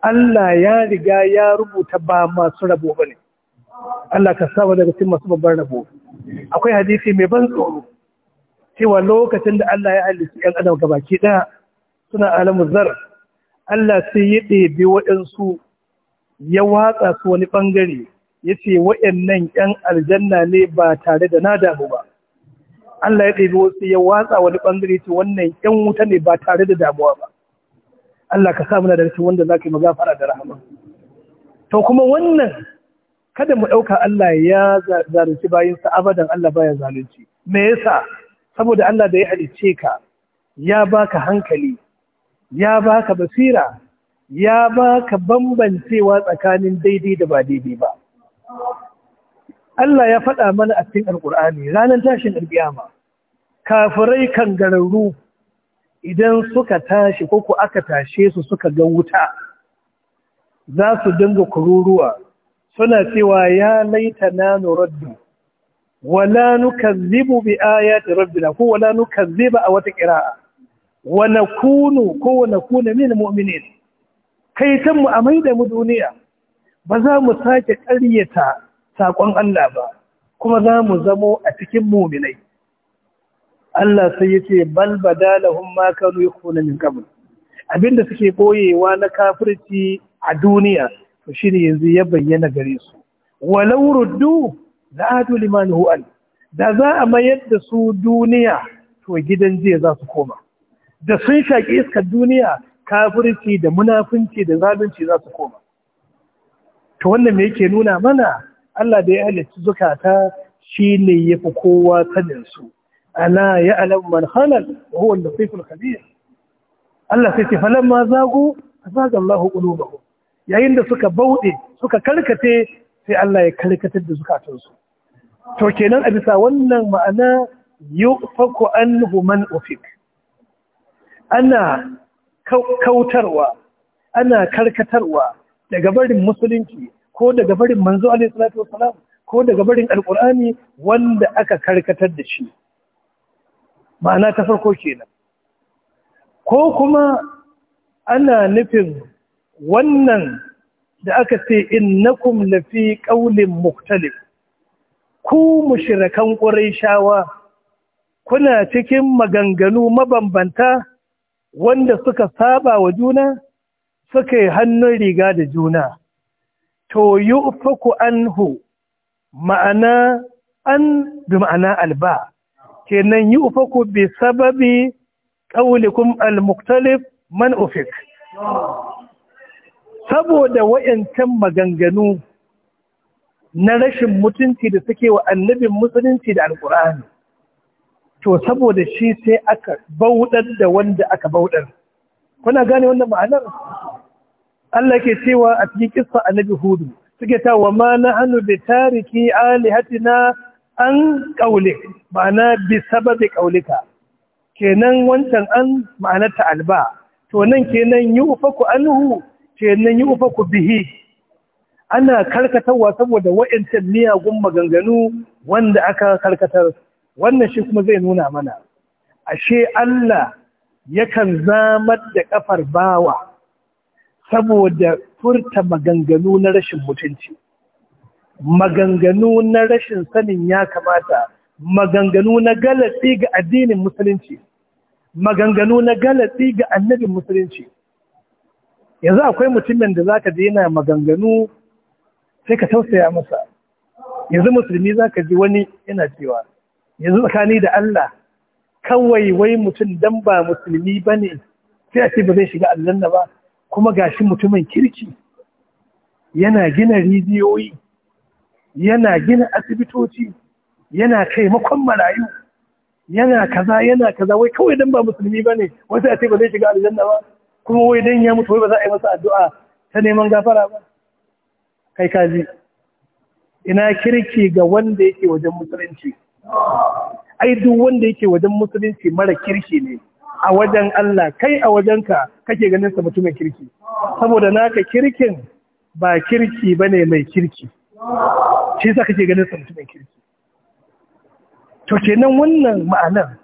Allah ya riga ya rubuta ba masu rabo ba ne Allah ka saba daga cikin masu babban rabo akwai hadisi mai ban tsoro cewa lokacin da Allah ya halitta ‘yan adam gabaki ɗaya suna alamu zar, Allah sai ya ɗebi waɗansu ya watsa su wani bangare ya ce wa'annan ‘yan aljanna ne ba tare da na damu ba Allah ya ɗabi wasu ya watsa wani bangare ce wannan ‘yan wuta ne ba tare da damuwa ba Allah ka samu na da wanda za ka yi magafara da rahama to kuma wannan kada mu ɗauka Allah ya zalunci bayansa abadan Allah baya zalunci me yasa saboda Allah da ya halicce ka ya baka hankali ya baka basira ya ba ka bambancewa tsakanin daidai da ba daidai ba Allah ya faɗa mana a cikin alƙur'ani ranar tashin alƙiyama kafirai kan gararru idan suka tashi ko ku aka tashe su suka ga wuta za su dinga kururuwa suna cewa ya laita na nuraddu wala nukazzibu bi ayati rabbina ko wala nukazziba a wata qira'a wa nakunu ko wa nakuna min mu'minin kaitanmu ta mu amai da mu duniya ba za mu sake ƙaryata saƙon Allah ba kuma za mu zamo a cikin muminai Allah sai ya ce bal badalahum ma kanu yakhuna min qabl abinda suke boyewa na kafirci a duniya to shine yanzu ya bayyana gare su walau ruddu la'atu liman an. da za a mayar da su duniya to gidan jiya za su koma da sun shaƙi iskar duniya kafirci da munafunci da zalunci za su koma to wannan me yake nuna mana Allah da ya halitta zukata shi ne ya fi kowa sanin Ana ya ya'lam man halal wa huwa al-latiful khabir Allah sai ce falamma zagu zaga Allahu qulubahum yayin da suka bauɗe suka karkate sai Allah ya karkatar da zukatansu to kenan a bisa wannan ma'ana yufaku anhu man ufik ana kautarwa ana karkatarwa daga barin musulunci ko daga barin manzo alaihi salatu wasalam ko daga barin alkur'ani wanda aka karkatar da shi ma'ana ta farko kenan ko kuma ana nufin wannan da aka ce innakum lafi qaulin muktalif ku mu mushrikan shawa? kuna cikin maganganu mabambanta wanda suka saba wa juna suka yi hannun riga da juna to yi ufaku anhu ma'ana an bi ma'ana alba kenan yi ufaku bi sababi ƙaulikun al-muktalif man ufik saboda wayancan maganganu na rashin mutunci da suke wa annabin musulunci da alkur'ani to saboda shi sai aka bauɗar da wanda aka bauɗar kuna gane wannan ma'anar Allah ke cewa a cikin kissa annabi hudu suke ta wa ma nahnu bi tariki hatina an ƙaule, ma'ana bi sababi qawlika kenan wancan an ma'anar ta alba to nan kenan ufaku anhu kenan ufaku bihi ana karkatarwa saboda waɗancan miyagun maganganu wanda aka karkatar wannan shi kuma zai nuna mana ashe Allah yakan zamar da kafar bawa saboda furta maganganu na rashin mutunci maganganu na rashin sanin ya kamata maganganu na galatsi ga addinin musulunci maganganu na galatsi ga annabin musulunci yanzu akwai mutumin da zaka je yana maganganu sai ka tausaya masa yanzu musulmi zaka ji wani yana cewa yanzu tsakani da Allah kawai wai mutum dan ba musulmi ba ne sai a ce ba zai shiga aljanna ba kuma shi mutumin kirki yana gina rijiyoyi yana gina asibitoci yana taimakon marayu yana kaza yana kaza wai kawai dan ba musulmi ba ne wai sai a ce ba zai shiga aljanna ba kuma wai dan ya mutu wai ba za a yi masa addu'a ta neman gafara ba kai kaji ina kirki ga wanda yake wajen musulunci ai duk wanda yake wajen musulunci mara kirki ne a wajen Allah kai a wajenka kake ganin sa mutumin kirki saboda naka kirkin ba kirki bane mai kirki shi yasa kake ganin sa mutumin kirki to kenan wannan ma'anar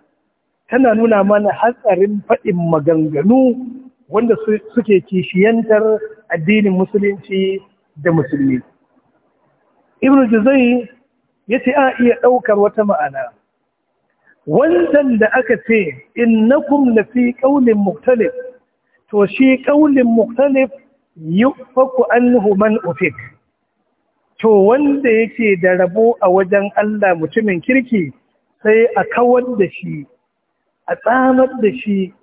tana nuna mana hatsarin faɗin maganganu wanda suke kishiyantar addinin musulunci da musulmi ibnu juzai yace a iya ɗaukar wata ma'ana wancan da aka ce innakum lafi qaulin Muktalif, to shi qaulin yi yufaku anhu man ufik to wanda yake da rabo a wajen Allah mutumin kirki sai a kawar da shi a tsamar da shi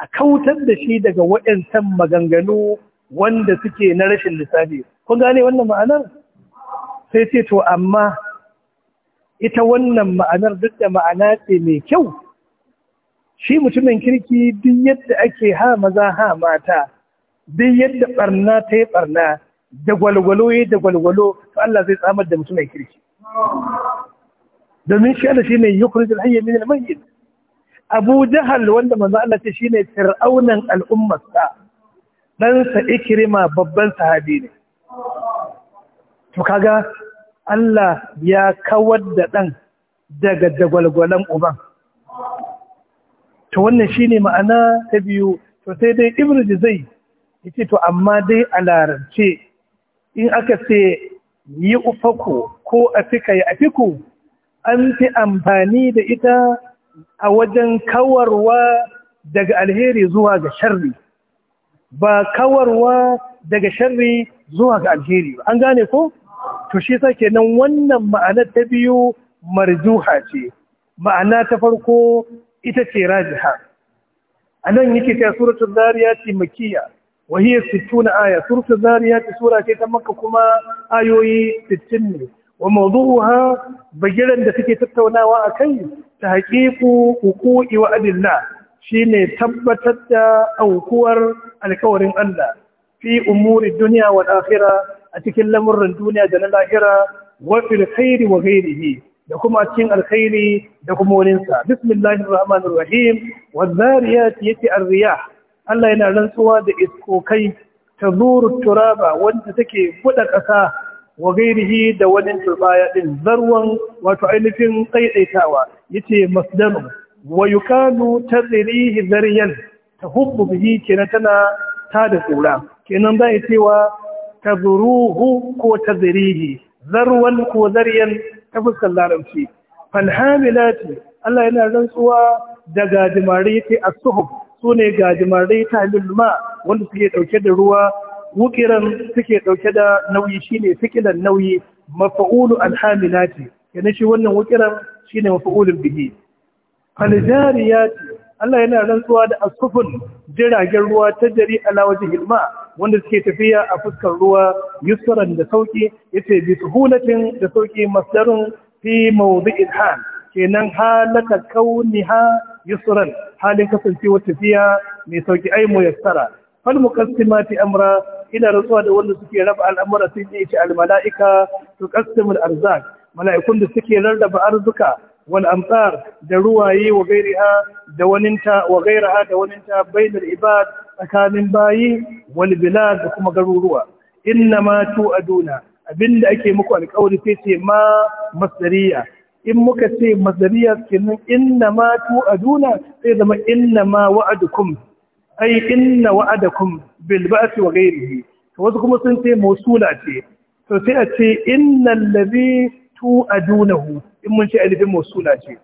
a kautar da shi daga waɗancan maganganu wanda suke na rashin lissafi kun gane wannan ma'anar sai ce to amma ita wannan ma'anar duk da ma'ana ce mai kyau shi mutumin kirki duk yadda ake ha maza ha mata duk yadda barna ta yi barna da gwalgwalo ya da gwalgwalo to Allah zai tsamar da mutumin kirki domin shi Allah shine yukhrijul hayya min al-mayyit Abu Jahal wanda manzo Allah ce ne fir'aunan al'ummar ɗansa ikirima babban sahabi ne to kaga Allah ya kawar da ɗan daga dagwalgwalan uban. To wannan shi ne ma'ana ta biyu, to sai dai Ibrahim zai yace to amma dai a larance. in aka ce yi ufaku ko a fika ya afiku an fi amfani da ita a wajen kawarwa daga alheri zuwa ga sharri ba kawarwa daga sharri zuwa ga alheri ba an gane ko to shi sa kenan wannan ma'ana ta biyu marjuha ce ma'ana ta farko ita ce rajiha anan yake ta suratul zariyat makkiya wa hiya 60 aya suratul zariyat sura ce ta makka kuma ayoyi 60 ne wa mawdu'uha bagiran da take tattaunawa akai tahqiqu huquqi wa adillah shine tabbatar da aukuwar alkawarin Allah fi umuri duniya wal akhirah a cikin lamurran duniya da na lahira wa fil khairi wa ghairihi da kuma cikin alkhairi da kuma sa bismillahir rahmanir rahim wadhariyat yati arriyah Allah yana rantsuwa da iskokai tazuru turaba wanda take buɗe ƙasa wa gairihi da wani turbaya din zarwan wato ainihin ƙaiɗaitawa yace masdaru wa yukanu tazrihi zaryan tahubbu bihi kenan tana ta da tsura kenan za a cewa tazruhu ko tazrihi zarwan ko zaryan ta fuskar larabci falhamilati Allah yana rantsuwa da gajimare yake as-suhub sune gajimare ta lulma wanda suke dauke da ruwa wukiran suke dauke da nauyi shine fikilan nauyi mafa'ulu alhamilati yana shi wannan wukiran shine mafa'ulun bihi faljariyati Allah yana rantsuwa da asufun jiragen ruwa ta jari alawajin hilma wanda suke tafiya a fuskar ruwa yusran da sauki yace bi suhulatin da sauki masdarun fi mawdi'il hal kenan halaka kauniha yusran halin kasancewa tafiya mai sauki ai muyassara fal muqassimati amra ina rantsuwa da wanda suke raba al'amura sun yi shi al mala'ika tuqassimul arzak mala'ikun da suke rarraba arzuka wal amsar da ruwaye wa gairiha da waninta wa gairaha da waninta tsakanin bayi wal bilad da kuma garuruwa inna ma tu'aduna abinda ake muku alƙawari sai ce ma masdariya in muka ce masdariya kenan inna ma tu'aduna sai zama inna ma ai inna wa'adakum Bilba wa wasu kuma sun ce mausula ce to sai a ce tu adunahu in mun ce alifin suna ce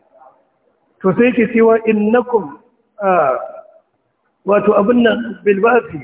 to sai yake cewa innakum wato abin nan bilbafi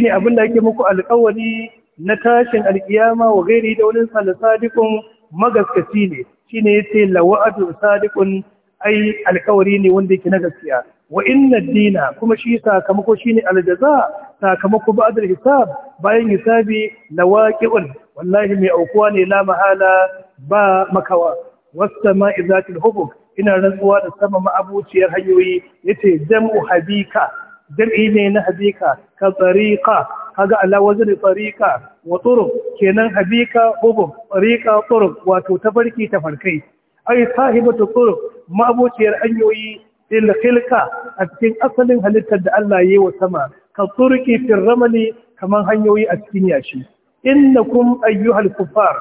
ne abin da ake muku alkawari na tashin alkiyama wa gairi da wani sadikun magaskaci ne Shi ne ya ce lawa'adun sadikun ai alƙawari ne wanda yake na gaskiya wa inna dina kuma shi sakamako shi ne aljaza sakamako ba da hisab bayan hisabi lawaqi'un wallahi mai aukuwa ne la mahala ba makawa wasta ma'izatul hubuk ina rantsuwa da sama ma'abuciyar hanyoyi yace jam'u habika jam'i ne na habika ka tsariqa kaga ala da tsariqa wa tsoron, kenan habika hubuk tsariqa tsoron wato tafarki farkai. ai ta tsoron ma'abuciyar hanyoyi il a cikin asalin halittar da Allah yi wa sama ka tsurki firramani kamar hanyoyi a cikin yashi kum ayyuhal kufar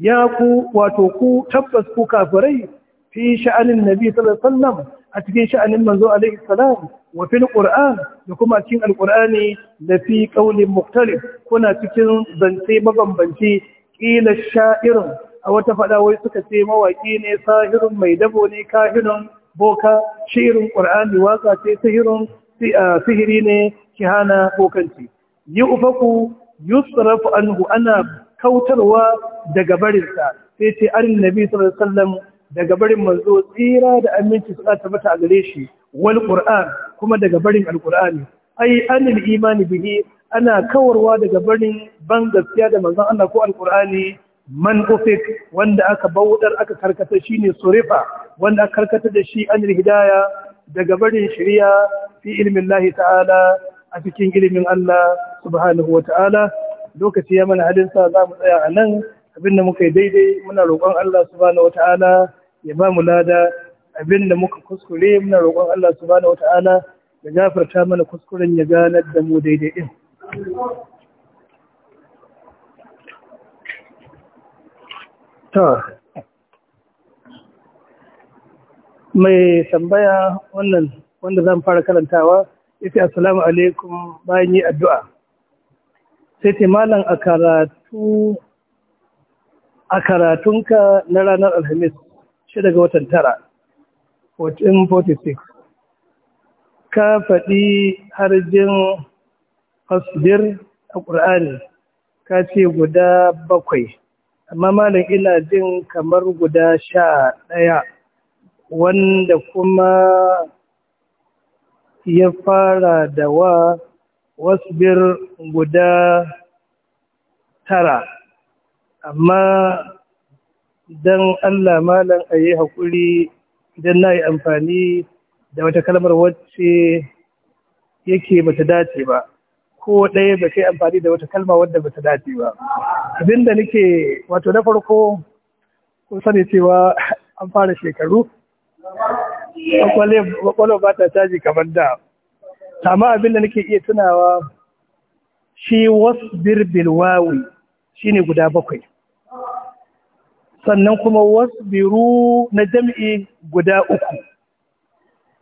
ya ku wato ku tabbas ku kafirai fi sha'anin nabi sallallahu alaihi wasallam a cikin sha'anin manzo alaihi salam wa fil qur'an da kuma cikin alqur'ani da fi qaulin mukhtalif kuna cikin zance mabambanci qila sha'irun a wata fada wai suka ce mawaki ne sahirun mai dabo ne kahinun boka shirin qur'ani waka ce sihirun sihiri ne kihana bokanci yi ufaku yusrafu anhu anab kautarwa daga barinsa sai ce arin nabi sallallahu alaihi wasallam daga barin manzo tsira da aminci su tabbata a gare shi wal qur'an kuma daga barin alqur'ani ai anil imani bihi ana kawarwa daga barin ban gaskiya da manzon Allah ko alqur'ani man ufik wanda aka bauɗar aka karkata shine surifa wanda aka karkata da shi anil hidaya daga barin shari'a fi ilmin Allah ta'ala a cikin ilimin Allah subhanahu wa ta'ala lokaci ya mana sa za mu tsaya a nan abin da muka yi daidai muna roƙon Allah subhanahu wata'ala ya ba mu lada abin da muka kuskure muna roƙon Allah subhanahu wata'ala ya gafarta mana kuskuren ya ganar da mu daidai din mai tambaya wannan wanda zan fara karantawa yace assalamu alaikum bayan yi addu'a sai ce malam a karatu a karatunka na ranar alhamis shida ga watan tara 1446 ka faɗi harjin hasbir a ƙur'ani ka ce guda bakwai amma malam ina jin kamar guda sha ɗaya wanda kuma ya fara da wa wasbir guda tara amma don Allah malam a yi haƙuri idan na yi amfani da wata kalmar wacce yake bata dace ba ko ɗaya ba kai amfani da wata kalma wadda bata dace ba abinda nake wato na farko ko sani cewa an fara shekaru kwakwalwa ba ta caji kamar da amma abin da nake iya tunawa shi wasbir birbil wawi ne guda bakwai sannan kuma wasbiru na jam'i guda uku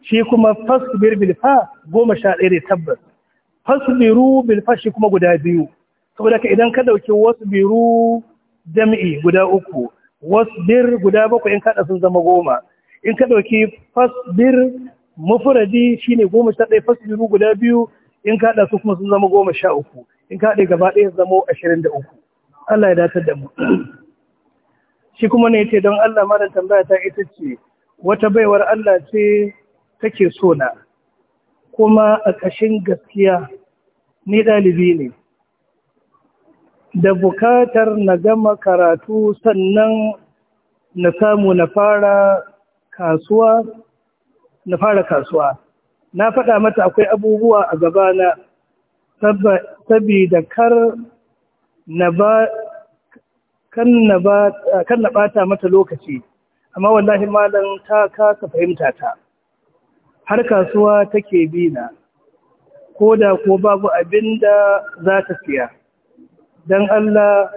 shi kuma fasbir birbil fa goma sha ɗaya ne tabbas fasbiru bil fa shi kuma guda biyu saboda ka idan ka dauki wasbiru jam'i guda uku wasbir guda bakwai in kaɗa sun zama goma in ka dauki fasbir mufuradi ne goma sha ɗaya fasiru guda biyu in ka haɗa su kuma sun zama goma sha uku in ka haɗe gaba ɗaya zama ashirin da uku Allah ya datar da mu shi kuma ne ce don Allah mara tambaya ta ita ce wata baiwar Allah ce take so kuma a ƙashin gaskiya ni ɗalibi ne da bukatar na gama karatu sannan na samu na fara kasuwa na fara kasuwa na faɗa mata akwai abubuwa a gabana saboda kar na ba kan na ɓata mata lokaci amma wallahi malam ta kasa fahimta ta har kasuwa take bi na ko da ko babu abin da za ta siya don Allah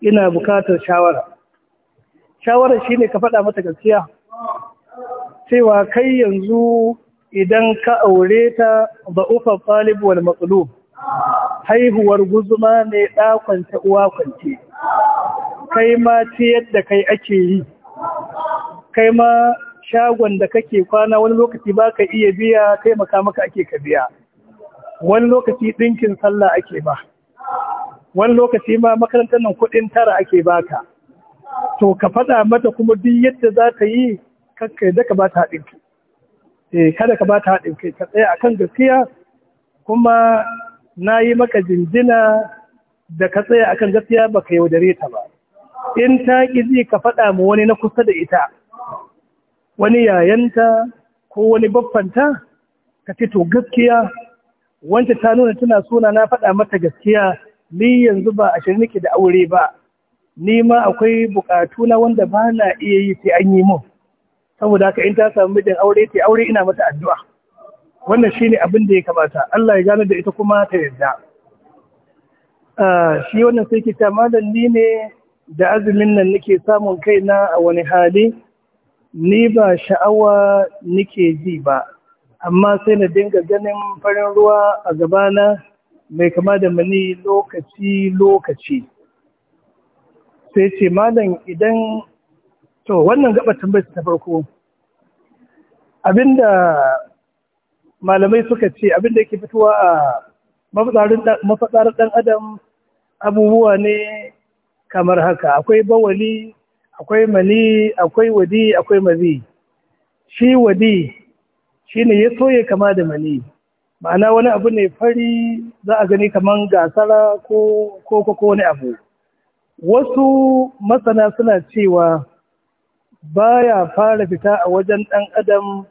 ina bukatar shawara shawara shine ka faɗa mata gaskiya cewa kai yanzu idan ka aure ta ba ufa talib wal maqlub haihuwar guzuma ne da kwanta uwa kwance kai ma ce yadda kai ake yi kai ma shagon da kake kwana wani lokaci baka iya biya kai maka ake ka biya wani lokaci ɗinkin sallah ake ba wani lokaci ma makarantar nan kuɗin tara ake baka to ka faɗa mata kuma duk yadda za ta yi kakka yadda ka bata haɗin kai eh kada ka bata haɗin kai ka tsaya akan gaskiya kuma na yi maka jinjina da ka tsaya akan gaskiya ba ka yaudare ta ba in ta zai ka faɗa ma wani na kusa da ita wani yayanta ko wani baffanta ka ce to gaskiya wanda ta nuna tana suna na faɗa mata gaskiya ni yanzu ba a nake da aure ba ni ma akwai bukatu na wanda ba na iya yi sai an yi mun saboda haka in ta samu mijin aure ta aure ina mata addu'a wannan shine abin da ya kamata Allah ya gano da ita kuma ta yarda ah, shi wannan sai ki ta ni ne da azumin nan nake samun kaina a wani hali ni ba sha'awa nake ji ba amma sai na dinga ganin farin ruwa a gabana mai kama da mani lokaci lokaci sai ce malam idan to wannan gaba tambayar ta farko abinda malamai suka ce abinda yake fitowa a mafatsarin ɗan adam abubuwa ne kamar haka akwai bawali akwai mani akwai wadi akwai mazi shi wadi shine ya soye kama da mani ma'ana wani abu ne fari za a gani kamar gasara ko ko wani abu wasu masana suna cewa baya fara fita a wajen ɗan adam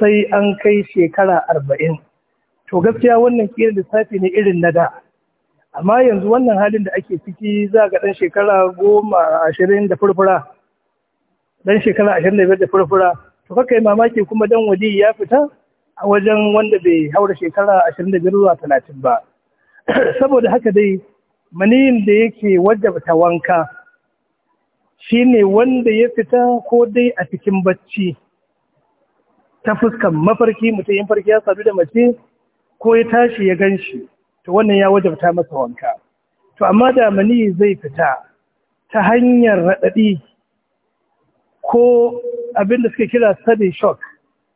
sai an kai shekara arba'in to gaskiya wannan da lissafi ne irin na da amma yanzu wannan halin da ake ciki za ga ɗan shekara goma ashirin da furfura ɗan shekara ashirin da biyar da furfura to kakai mamaki kuma dan wadi ya fita a wajen wanda bai haura shekara ashirin da biyar zuwa talatin ba saboda haka dai maniyin da yake wajabta wanka Shi ne wanda ya fita ko dai a cikin bacci ta fuskan mafarki mutum yin farki ya sadu da mace ko ya tashi ya gan shi to wannan ya wajabta masa wanka to amma da mani zai fita ta hanyar raɗaɗi ko abinda suke kira sudden shock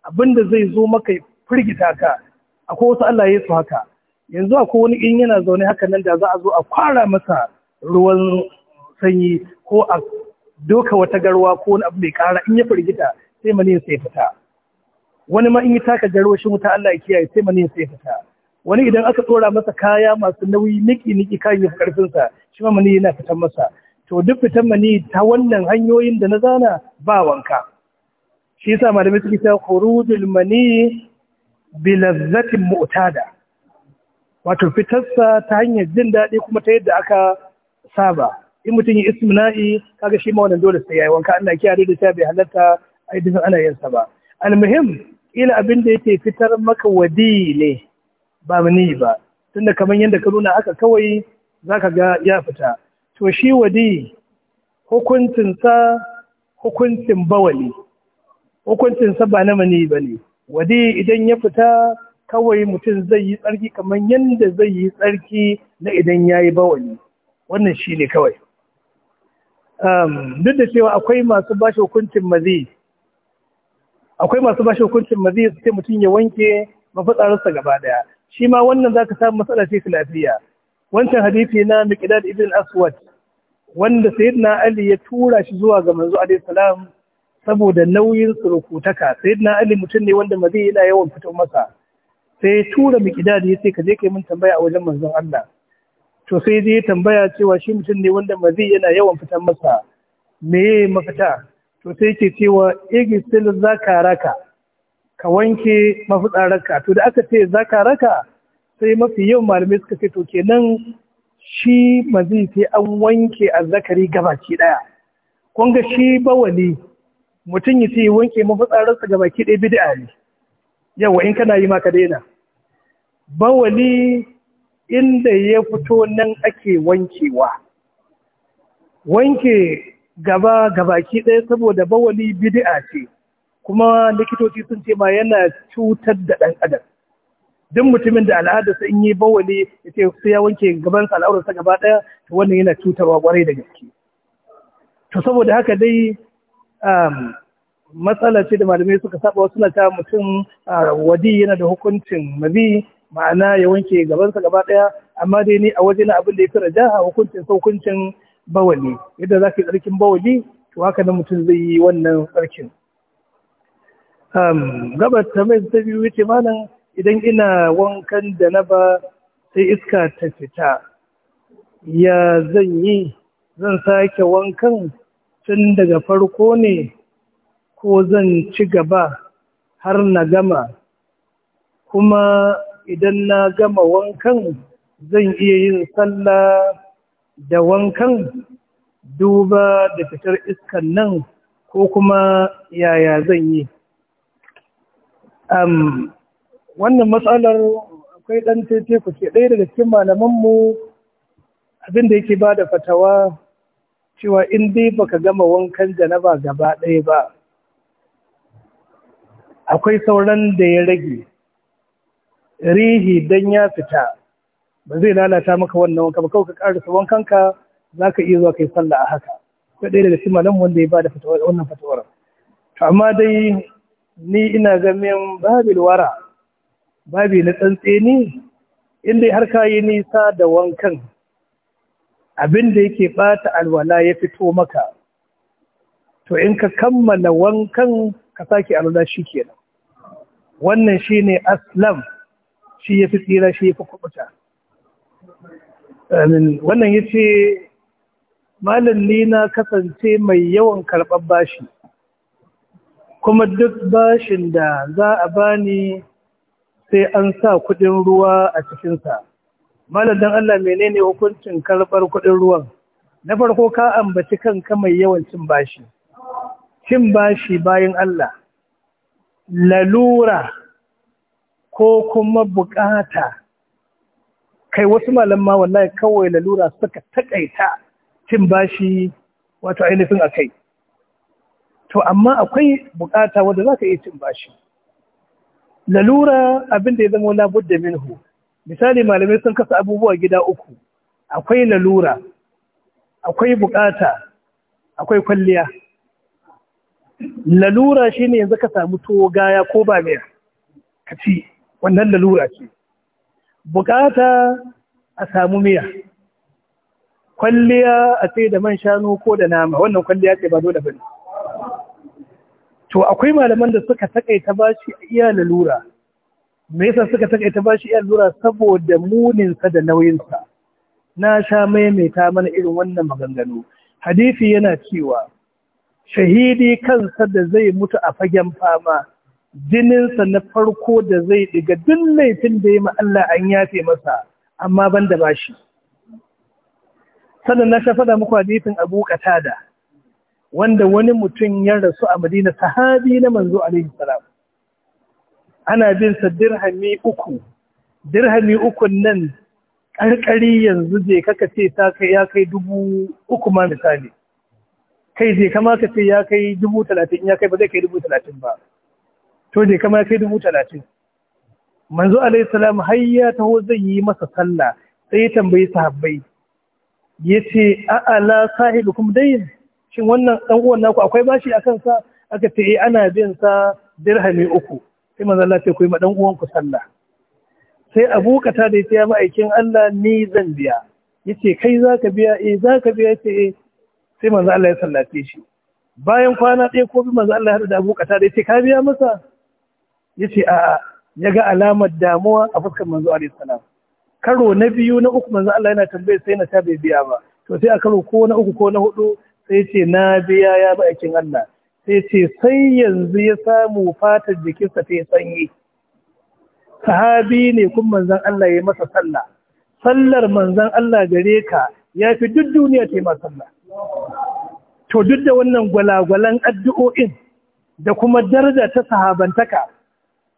abinda zai zo maka firgita ka akwai wasu Allah ya su haka yanzu akwai wani in yana zaune haka nan da za a zo a kwara masa ruwan sanyi ko a doka wata garwa ko wani abu mai kara in ya firgita sai ya sai fita wani ma in yi taka garwashin wuta Allah ya kiyaye sai ya sai fita wani idan aka tsora masa kaya masu nauyi niki niki kayan ya karfin sa shi ma mani yana fitan masa to duk fitan mani ta wannan hanyoyin da na zana ba wanka shi yasa malamai suke cewa khurujul mani bi lazzatin mu'tada wato fitarsa ta hanyar jin daɗi kuma ta yadda aka saba in mutum ya ismina'i kaga shi ma wannan dole sai yayi wanka Allah kiyaye da ta bai halatta aidin ana yin sa ba almuhim ila abin da yake fitar maka wadi ne ba mani ba tunda kaman yadda ka nuna aka kawai zaka ga ya fita to shi wadi hukuncin sa hukuncin bawali hukuncin sa ba na mani bane wadi idan ya fita kawai mutum zai yi tsarki kamar yadda zai yi tsarki na idan ya yi bawali wannan shi ne kawai duk da cewa akwai masu bashi hukuncin mazi akwai masu bashi hukuncin mazi su ce mutum ya wanke mafitsararsa gaba daya shi ma wannan za ka samu matsala ce lafiya wancan hadisi na miqdad ibn aswad wanda sayyidina ali ya tura shi zuwa ga manzo alaihi salam saboda nauyin surukutaka sayyidina ali mutum ne wanda mazi yana yawan fito masa sai ya tura miqdad ya ce ka je ka yi mun tambaya a wajen manzon Allah to sai zai tambaya cewa shi mutum ne wanda mazi yana yawan fitan masa me mafita to sai ke cewa igisil zakaraka ka wanke mafitsararka to da aka ce raka, sai mafi yawan malamai suka ce to kenan shi mazi sai an wanke azzakari gabaki daya kun ga shi bawali mutum ya ce wanke mafitsararsa gabaki daya bid'a ne yawa in kana yi ma ka daina bawali inda ya fito nan ake wankewa wanke gaba gabaki ɗaya saboda bawali bid'a ce kuma likitoci sun ce ma yana cutar da ɗan adam duk mutumin da al'adarsa in yi bawali ya ce sai ya wanke gaban al'aurarsa gaba ɗaya to wannan yana cutarwa ƙwarai da gaske to saboda haka dai um, matsala ce da malamai suka saba wasu na ta mutum uh, wadi yana da hukuncin mabi ma'ana ya wanke gabansa gaba ɗaya amma dai ni a waje na abin da ya fi a hukuncin saukuncin bawali yadda za ka yi tsarkin bawali to haka nan mutum zai yi wannan tsarkin gabar ta mai ta biyu ya ce idan ina wankan da na ba sai iska ta fita ya zan yi zan sake wankan tun daga farko ne ko zan ci gaba har na gama kuma idan na gama wankan zan iya yin sallah da wankan duba da fitar iskan nan ko kuma yaya zan yi wannan matsalar akwai ɗan tete ku ce ɗaya daga cikin malamanmu abinda yake ba da fatawa cewa in dai baka gama wankan janaba gaba ɗaya ba akwai sauran da ya rage rihi don ya fita ba zai lalata maka wannan wanka ba kawai ka karasa wankanka za ka iya zuwa kai sallah a haka ko ɗaya daga cikin malamin wanda ya bada fatawar wannan fatawar to amma dai ni ina ganin babil wara babi na tsantseni inda har ka yi nisa da wankan abin da yake ɓata alwala ya fito maka to in ka kammala wankan ka sake alwala kenan wannan shine aslam shi ya fi tsira shi ya fi kubuta wannan ya ce malalli na kasance mai yawan karɓar bashi kuma duk bashin da za a bani sai an sa kudin ruwa a cikinsa Malallin Allah menene hukuncin karɓar kudin ruwan na farko ka ambaci kanka mai yawan cin bashi cin bashi bayan Allah lalura ko kuma bukata kai wasu malamma wallahi kawai lalura suka takaita cin bashi wato ainihin a kai to amma akwai bukata wadda za ka iya cin bashi lalura abinda ya zama da minhu misali malamai sun kasa abubuwa gida uku akwai lalura akwai bukata akwai kwalliya lalura shine yanzu ka samu tuwo gaya ko ba mai kaci. wannan lalura ce bukata a samu miya kwalliya a sai da man shanu ko da nama wannan kwalliya ce ba dole bane to akwai malaman da suka takaita bashi iya lalura me yasa suka takaita bashi iya lalura saboda muninsa da nauyinsa. na sha maimaita mana irin wannan maganganu hadisi yana cewa shahidi kansa da zai mutu a fagen fama jininsa na farko da zai diga duk laifin da ya Allah an yafe masa amma ban da bashi sannan na shafa da muku hadisin Abu Qatada wanda wani mutum ya rasu a Madina sahabi na manzo alaihi salam ana bin sa dirhami uku dirhami uku nan ƙarƙari yanzu je kaka ce ta kai ya kai dubu uku ma misali kai je kama ka ce ya kai dubu talatin ya kai ba zai kai dubu talatin ba to je ya kai dubu talatin manzo alaihi salam har ya taho zai yi masa sallah sai ya tambayi sahabbai ya ce a'ala kuma dai shin wannan dan uwan naku akwai bashi akan sa aka ce eh ana bin sa dirhami uku sai manzo Allah ce ku yi dan uwan ku sallah sai Abu Kata da ya ma'aikin Allah ni zan biya yace kai zaka biya eh zaka biya yace eh. sai manzo Allah ya sallace shi bayan kwana ɗaya ko bi manzo Allah ya haɗu da Abu Kata da yace ka biya masa ya ce a ya ga alamar damuwa a fuskar manzo alaihi karo na biyu na uku manzo Allah yana tambaye sai na sha bai biya ba to sai a karo ko na uku ko na hudu sai ce na biya ya ba aikin Allah sai ce sai yanzu ya samu fatar jikinsa ta yi sanyi sahabi ne kun manzan Allah ya masa sallah sallar manzan Allah gare ka ya fi duk duniya ta yi masa sallah to duk da wannan gwalagwalan addu'o'in da kuma daraja ta sahabantaka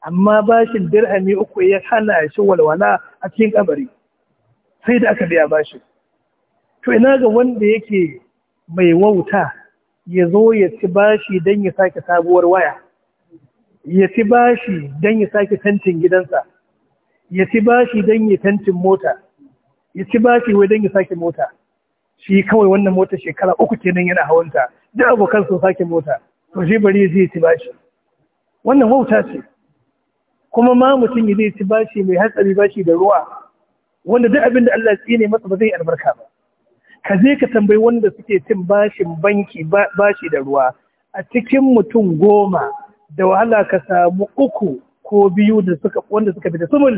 amma bashin dirhami uku ya hana shi walwala a cikin kabari sai da aka biya bashin to ina ga wanda yake mai wauta ya zo ya ci bashi don ya sake sabuwar waya ya ci bashi don ya sake tantin gidansa ya ci bashi don ya tantin mota ya ci bashi wai don ya sake mota shi kawai wannan mota shekara uku ke nan yana hawanta duk abokan sun sake mota to shi bari zai ci bashi wannan wauta ce kuma ma mutum ya zai ci bashi mai hatsari bashi da ruwa wanda duk abin da Allah ya tsine masa ba zai albarka ba ka je ka tambayi wanda suke cin bashin banki bashi da ruwa a cikin mutum goma da wahala ka samu uku ko biyu da suka wanda suka bi da sumul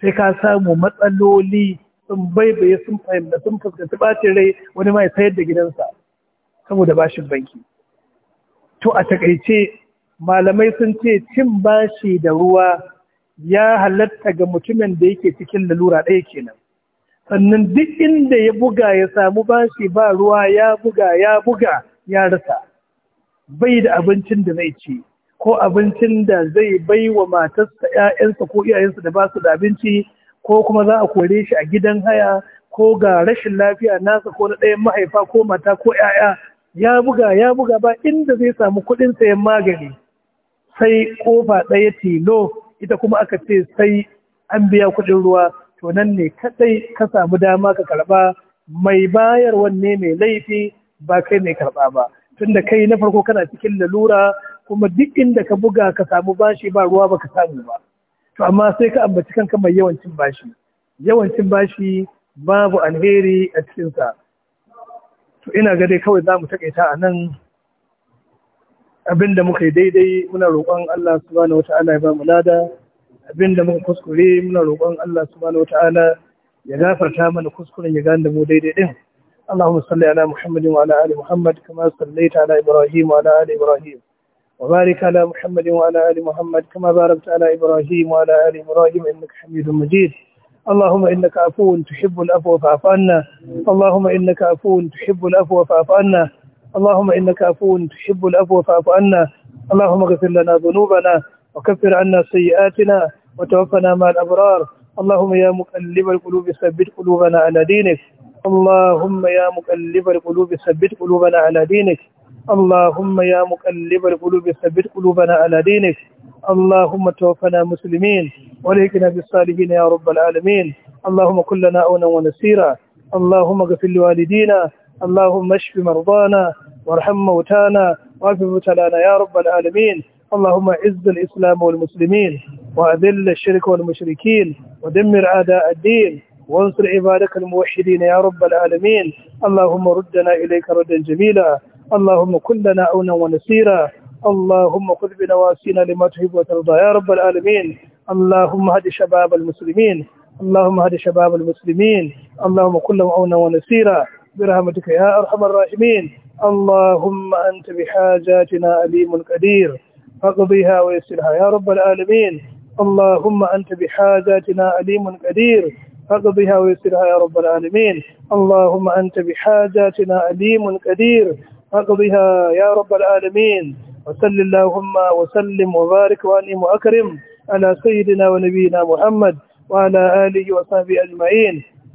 sai ka samu matsaloli sun baibaye sun fahimta sun fuskanci bacin rai wani ma ya sayar da gidansa saboda bashin banki to a takaice malamai sun ce cin bashi da ruwa ya halatta ga mutumin da yake cikin lalura ɗaya kenan sannan duk inda ya buga ya samu bashi ba ruwa ya buga ya buga ya rasa bai da abincin da zai ci ko abincin da zai bai wa matarsa 'ya'yansa ko iyayensa da ba su da abinci ko kuma za a kore shi a gidan haya ko ga rashin lafiya nasa ko na ɗayan mahaifa ko mata ko 'ya'ya ya buga ya buga ba inda zai samu kuɗin sayan magani sai kofa ɗaya tilo ita kuma aka ce sai an biya kuɗin ruwa to nan ne kadai ka samu dama ka karɓa mai bayar wanne mai laifi ba kai mai karɓa ba tunda kai na farko kana cikin lalura kuma duk inda ka buga ka samu bashi ba ruwa ba ka samu ba to amma sai ka ambaci kanka mai yawancin bashi yawancin bashi babu alheri a cikinsa to ina ga dai kawai za mu taƙaita a nan abinda muka yi daidai muna roƙon Allah subhanahu ta'ala ya ba mu lada abinda muka kuskure muna roƙon Allah subhanahu ta'ala ya gafarta mana kuskuren ya gane mu daidai din Allahumma salli ala Muhammadin wa ala ali Muhammad kama sallaita ala Ibrahim wa ala ali Ibrahim wa barik Muhammadin wa ala ali Muhammad kama barakta ala Ibrahim wa ala اللهم إنك عفو تحب العفو فاعف عنا اللهم إنك عفو تحب العفو فاعف عنا اللهم إنك عفو تحب العفو فاعف عنا اللهم اغفر لنا ذنوبنا وكفر عنا سيئاتنا وتوفنا مع الأبرار اللهم يا مقلب القلوب ثبت قلوبنا على دينك اللهم يا مقلب القلوب ثبت قلوبنا على دينك اللهم يا مقلب القلوب ثبت قلوبنا على دينك اللهم توفنا مسلمين وليكنا بالصالحين يا رب العالمين اللهم كن لنا عونا ونسيرا اللهم اغفر لوالدينا اللهم اشف مرضانا وارحم موتانا واعف مبتلانا يا رب العالمين اللهم عز الإسلام والمسلمين وأذل الشرك والمشركين ودمر أعداء الدين وانصر عبادك الموحدين يا رب العالمين اللهم ردنا إليك ردا جميلا اللهم كن لنا عونا ونسيرا اللهم خذ بنواسينا لما تحب وترضى يا رب العالمين اللهم هد شباب المسلمين اللهم هد شباب المسلمين اللهم كن لهم عونا ونسيرا برحمتك يا أرحم الراحمين اللهم أنت بحاجاتنا عليم قدير فاقضيها ويسرها يا رب العالمين اللهم أنت بحاجاتنا عليم قدير فاقضها ويسرها يا رب العالمين اللهم أنت بحاجاتنا عليم قدير فاقضها يا رب العالمين وصل اللهم وسلم وبارك وأنعم وأكرم على سيدنا ونبينا محمد وعلى آله وصحبه أجمعين